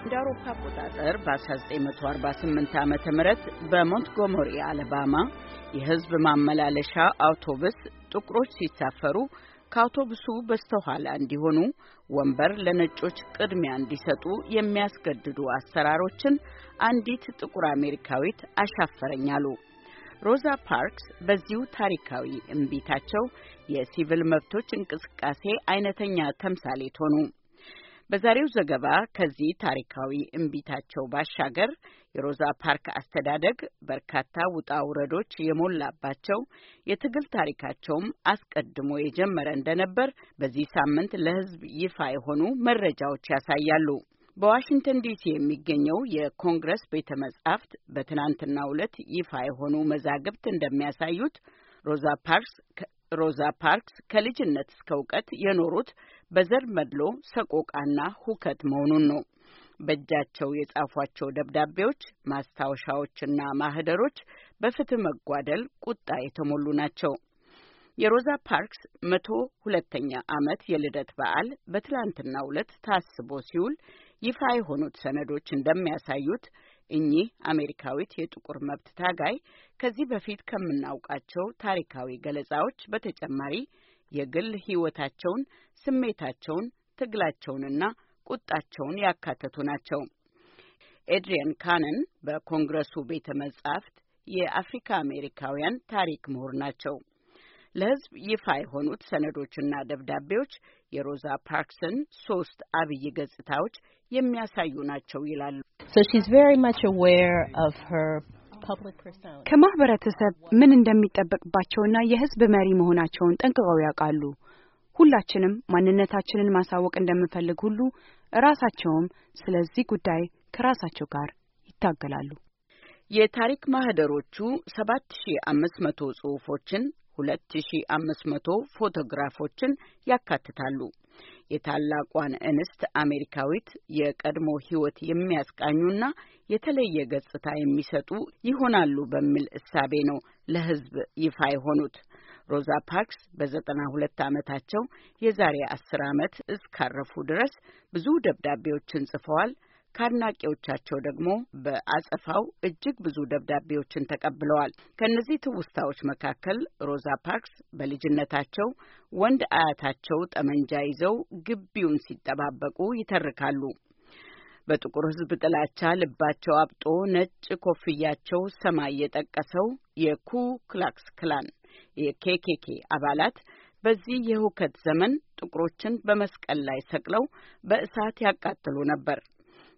እንደ አውሮፓ አቆጣጠር በ1948 ዓ ም በሞንትጎሞሪ አለባማ የህዝብ ማመላለሻ አውቶቡስ ጥቁሮች ሲሳፈሩ ከአውቶቡሱ በስተኋላ እንዲሆኑ ወንበር ለነጮች ቅድሚያ እንዲሰጡ የሚያስገድዱ አሰራሮችን አንዲት ጥቁር አሜሪካዊት አሻፈረኝ አሉ። ሮዛ ፓርክስ በዚሁ ታሪካዊ እምቢታቸው የሲቪል መብቶች እንቅስቃሴ አይነተኛ ተምሳሌት ሆኑ። በዛሬው ዘገባ ከዚህ ታሪካዊ እምቢታቸው ባሻገር የሮዛ ፓርክ አስተዳደግ በርካታ ውጣ ውረዶች የሞላባቸው የትግል ታሪካቸውም አስቀድሞ የጀመረ እንደነበር በዚህ ሳምንት ለሕዝብ ይፋ የሆኑ መረጃዎች ያሳያሉ። በዋሽንግተን ዲሲ የሚገኘው የኮንግረስ ቤተ መጻሕፍት በትናንትናው ዕለት ይፋ የሆኑ መዛግብት እንደሚያሳዩት ሮዛ ፓርክስ ሮዛ ፓርክስ ከልጅነት እስከ እውቀት የኖሩት በዘር መድሎ ሰቆቃና ሁከት መሆኑን ነው። በእጃቸው የጻፏቸው ደብዳቤዎች፣ ማስታወሻዎችና ማህደሮች በፍትህ መጓደል ቁጣ የተሞሉ ናቸው። የሮዛ ፓርክስ መቶ ሁለተኛ ዓመት የልደት በዓል በትላንትናው ዕለት ታስቦ ሲውል ይፋ የሆኑት ሰነዶች እንደሚያሳዩት እኚህ አሜሪካዊት የጥቁር መብት ታጋይ ከዚህ በፊት ከምናውቃቸው ታሪካዊ ገለጻዎች በተጨማሪ የግል ሕይወታቸውን፣ ስሜታቸውን፣ ትግላቸውንና ቁጣቸውን ያካተቱ ናቸው። ኤድሪያን ካነን በኮንግረሱ ቤተ መጻሕፍት የአፍሪካ አሜሪካውያን ታሪክ ምሁር ናቸው። ለሕዝብ ይፋ የሆኑት ሰነዶችና ደብዳቤዎች የሮዛ ፓርክስን ሶስት አብይ ገጽታዎች የሚያሳዩ ናቸው ይላሉ። ከማህበረተሰብ ምን እንደሚጠበቅባቸውና የህዝብ መሪ መሆናቸውን ጠንቅቀው ያውቃሉ። ሁላችንም ማንነታችንን ማሳወቅ እንደምንፈልግ ሁሉ ራሳቸውም ስለዚህ ጉዳይ ከራሳቸው ጋር ይታገላሉ። የታሪክ ማህደሮቹ መቶ ጽሑፎችን 2500 ፎቶግራፎችን ያካትታሉ። የታላቋን እንስት አሜሪካዊት የቀድሞ ሕይወት የሚያስቃኙና የተለየ ገጽታ የሚሰጡ ይሆናሉ በሚል እሳቤ ነው ለሕዝብ ይፋ የሆኑት። ሮዛ ፓርክስ በዘጠና ሁለት ዓመታቸው የዛሬ አስር ዓመት እስካረፉ ድረስ ብዙ ደብዳቤዎችን ጽፈዋል። ከአድናቂዎቻቸው ደግሞ በአጸፋው እጅግ ብዙ ደብዳቤዎችን ተቀብለዋል። ከእነዚህ ትውስታዎች መካከል ሮዛ ፓርክስ በልጅነታቸው ወንድ አያታቸው ጠመንጃ ይዘው ግቢውን ሲጠባበቁ ይተርካሉ። በጥቁር ሕዝብ ጥላቻ ልባቸው አብጦ ነጭ ኮፍያቸው ሰማይ የጠቀሰው የኩ ክላክስ ክላን የኬኬኬ አባላት በዚህ የሁከት ዘመን ጥቁሮችን በመስቀል ላይ ሰቅለው በእሳት ያቃጥሉ ነበር።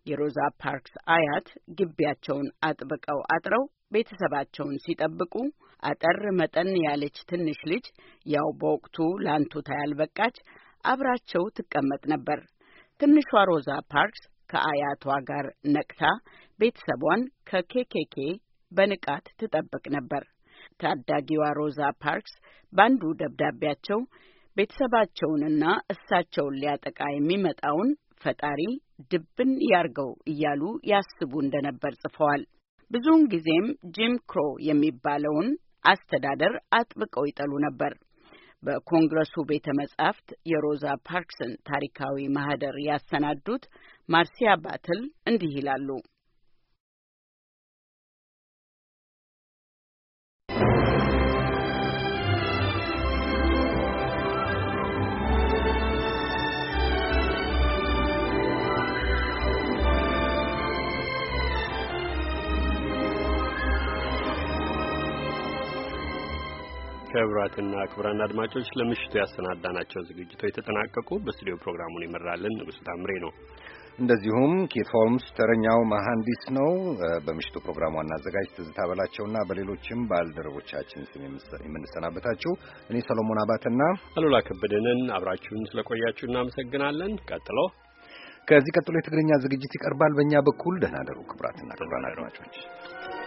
የሮዛ ፓርክስ አያት ግቢያቸውን አጥብቀው አጥረው ቤተሰባቸውን ሲጠብቁ አጠር መጠን ያለች ትንሽ ልጅ ያው በወቅቱ ላንቱታ ያልበቃች አብራቸው ትቀመጥ ነበር። ትንሿ ሮዛ ፓርክስ ከአያቷ ጋር ነቅታ ቤተሰቧን ከኬኬኬ በንቃት ትጠብቅ ነበር። ታዳጊዋ ሮዛ ፓርክስ በአንዱ ደብዳቤያቸው ቤተሰባቸውንና እሳቸውን ሊያጠቃ የሚመጣውን ፈጣሪ ድብን ያርገው እያሉ ያስቡ እንደነበር ጽፈዋል። ብዙውን ጊዜም ጂም ክሮ የሚባለውን አስተዳደር አጥብቀው ይጠሉ ነበር። በኮንግረሱ ቤተ መጻሕፍት የሮዛ ፓርክስን ታሪካዊ ማህደር ያሰናዱት ማርሲያ ባትል እንዲህ ይላሉ። ክቡራትና ክቡራን አድማጮች ለምሽቱ ያሰናዳናቸው ዝግጅቶች የተጠናቀቁ። በስቱዲዮ ፕሮግራሙን ይመራልን ንጉሱ ታምሬ ነው። እንደዚሁም ኬት ሆልምስ ተረኛው መሐንዲስ ነው። በምሽቱ ፕሮግራም ዋና አዘጋጅ ትዝታ በላቸውና በሌሎችም ባልደረቦቻችን ስም የምንሰናበታችሁ እኔ ሰሎሞን አባትና አሉላ ከበደንን አብራችሁን ስለቆያችሁ እናመሰግናለን። ቀጥሎ ከዚህ ቀጥሎ የትግርኛ ዝግጅት ይቀርባል። በእኛ በኩል ደህና ደሩ ክቡራትና ክቡራን አድማጮች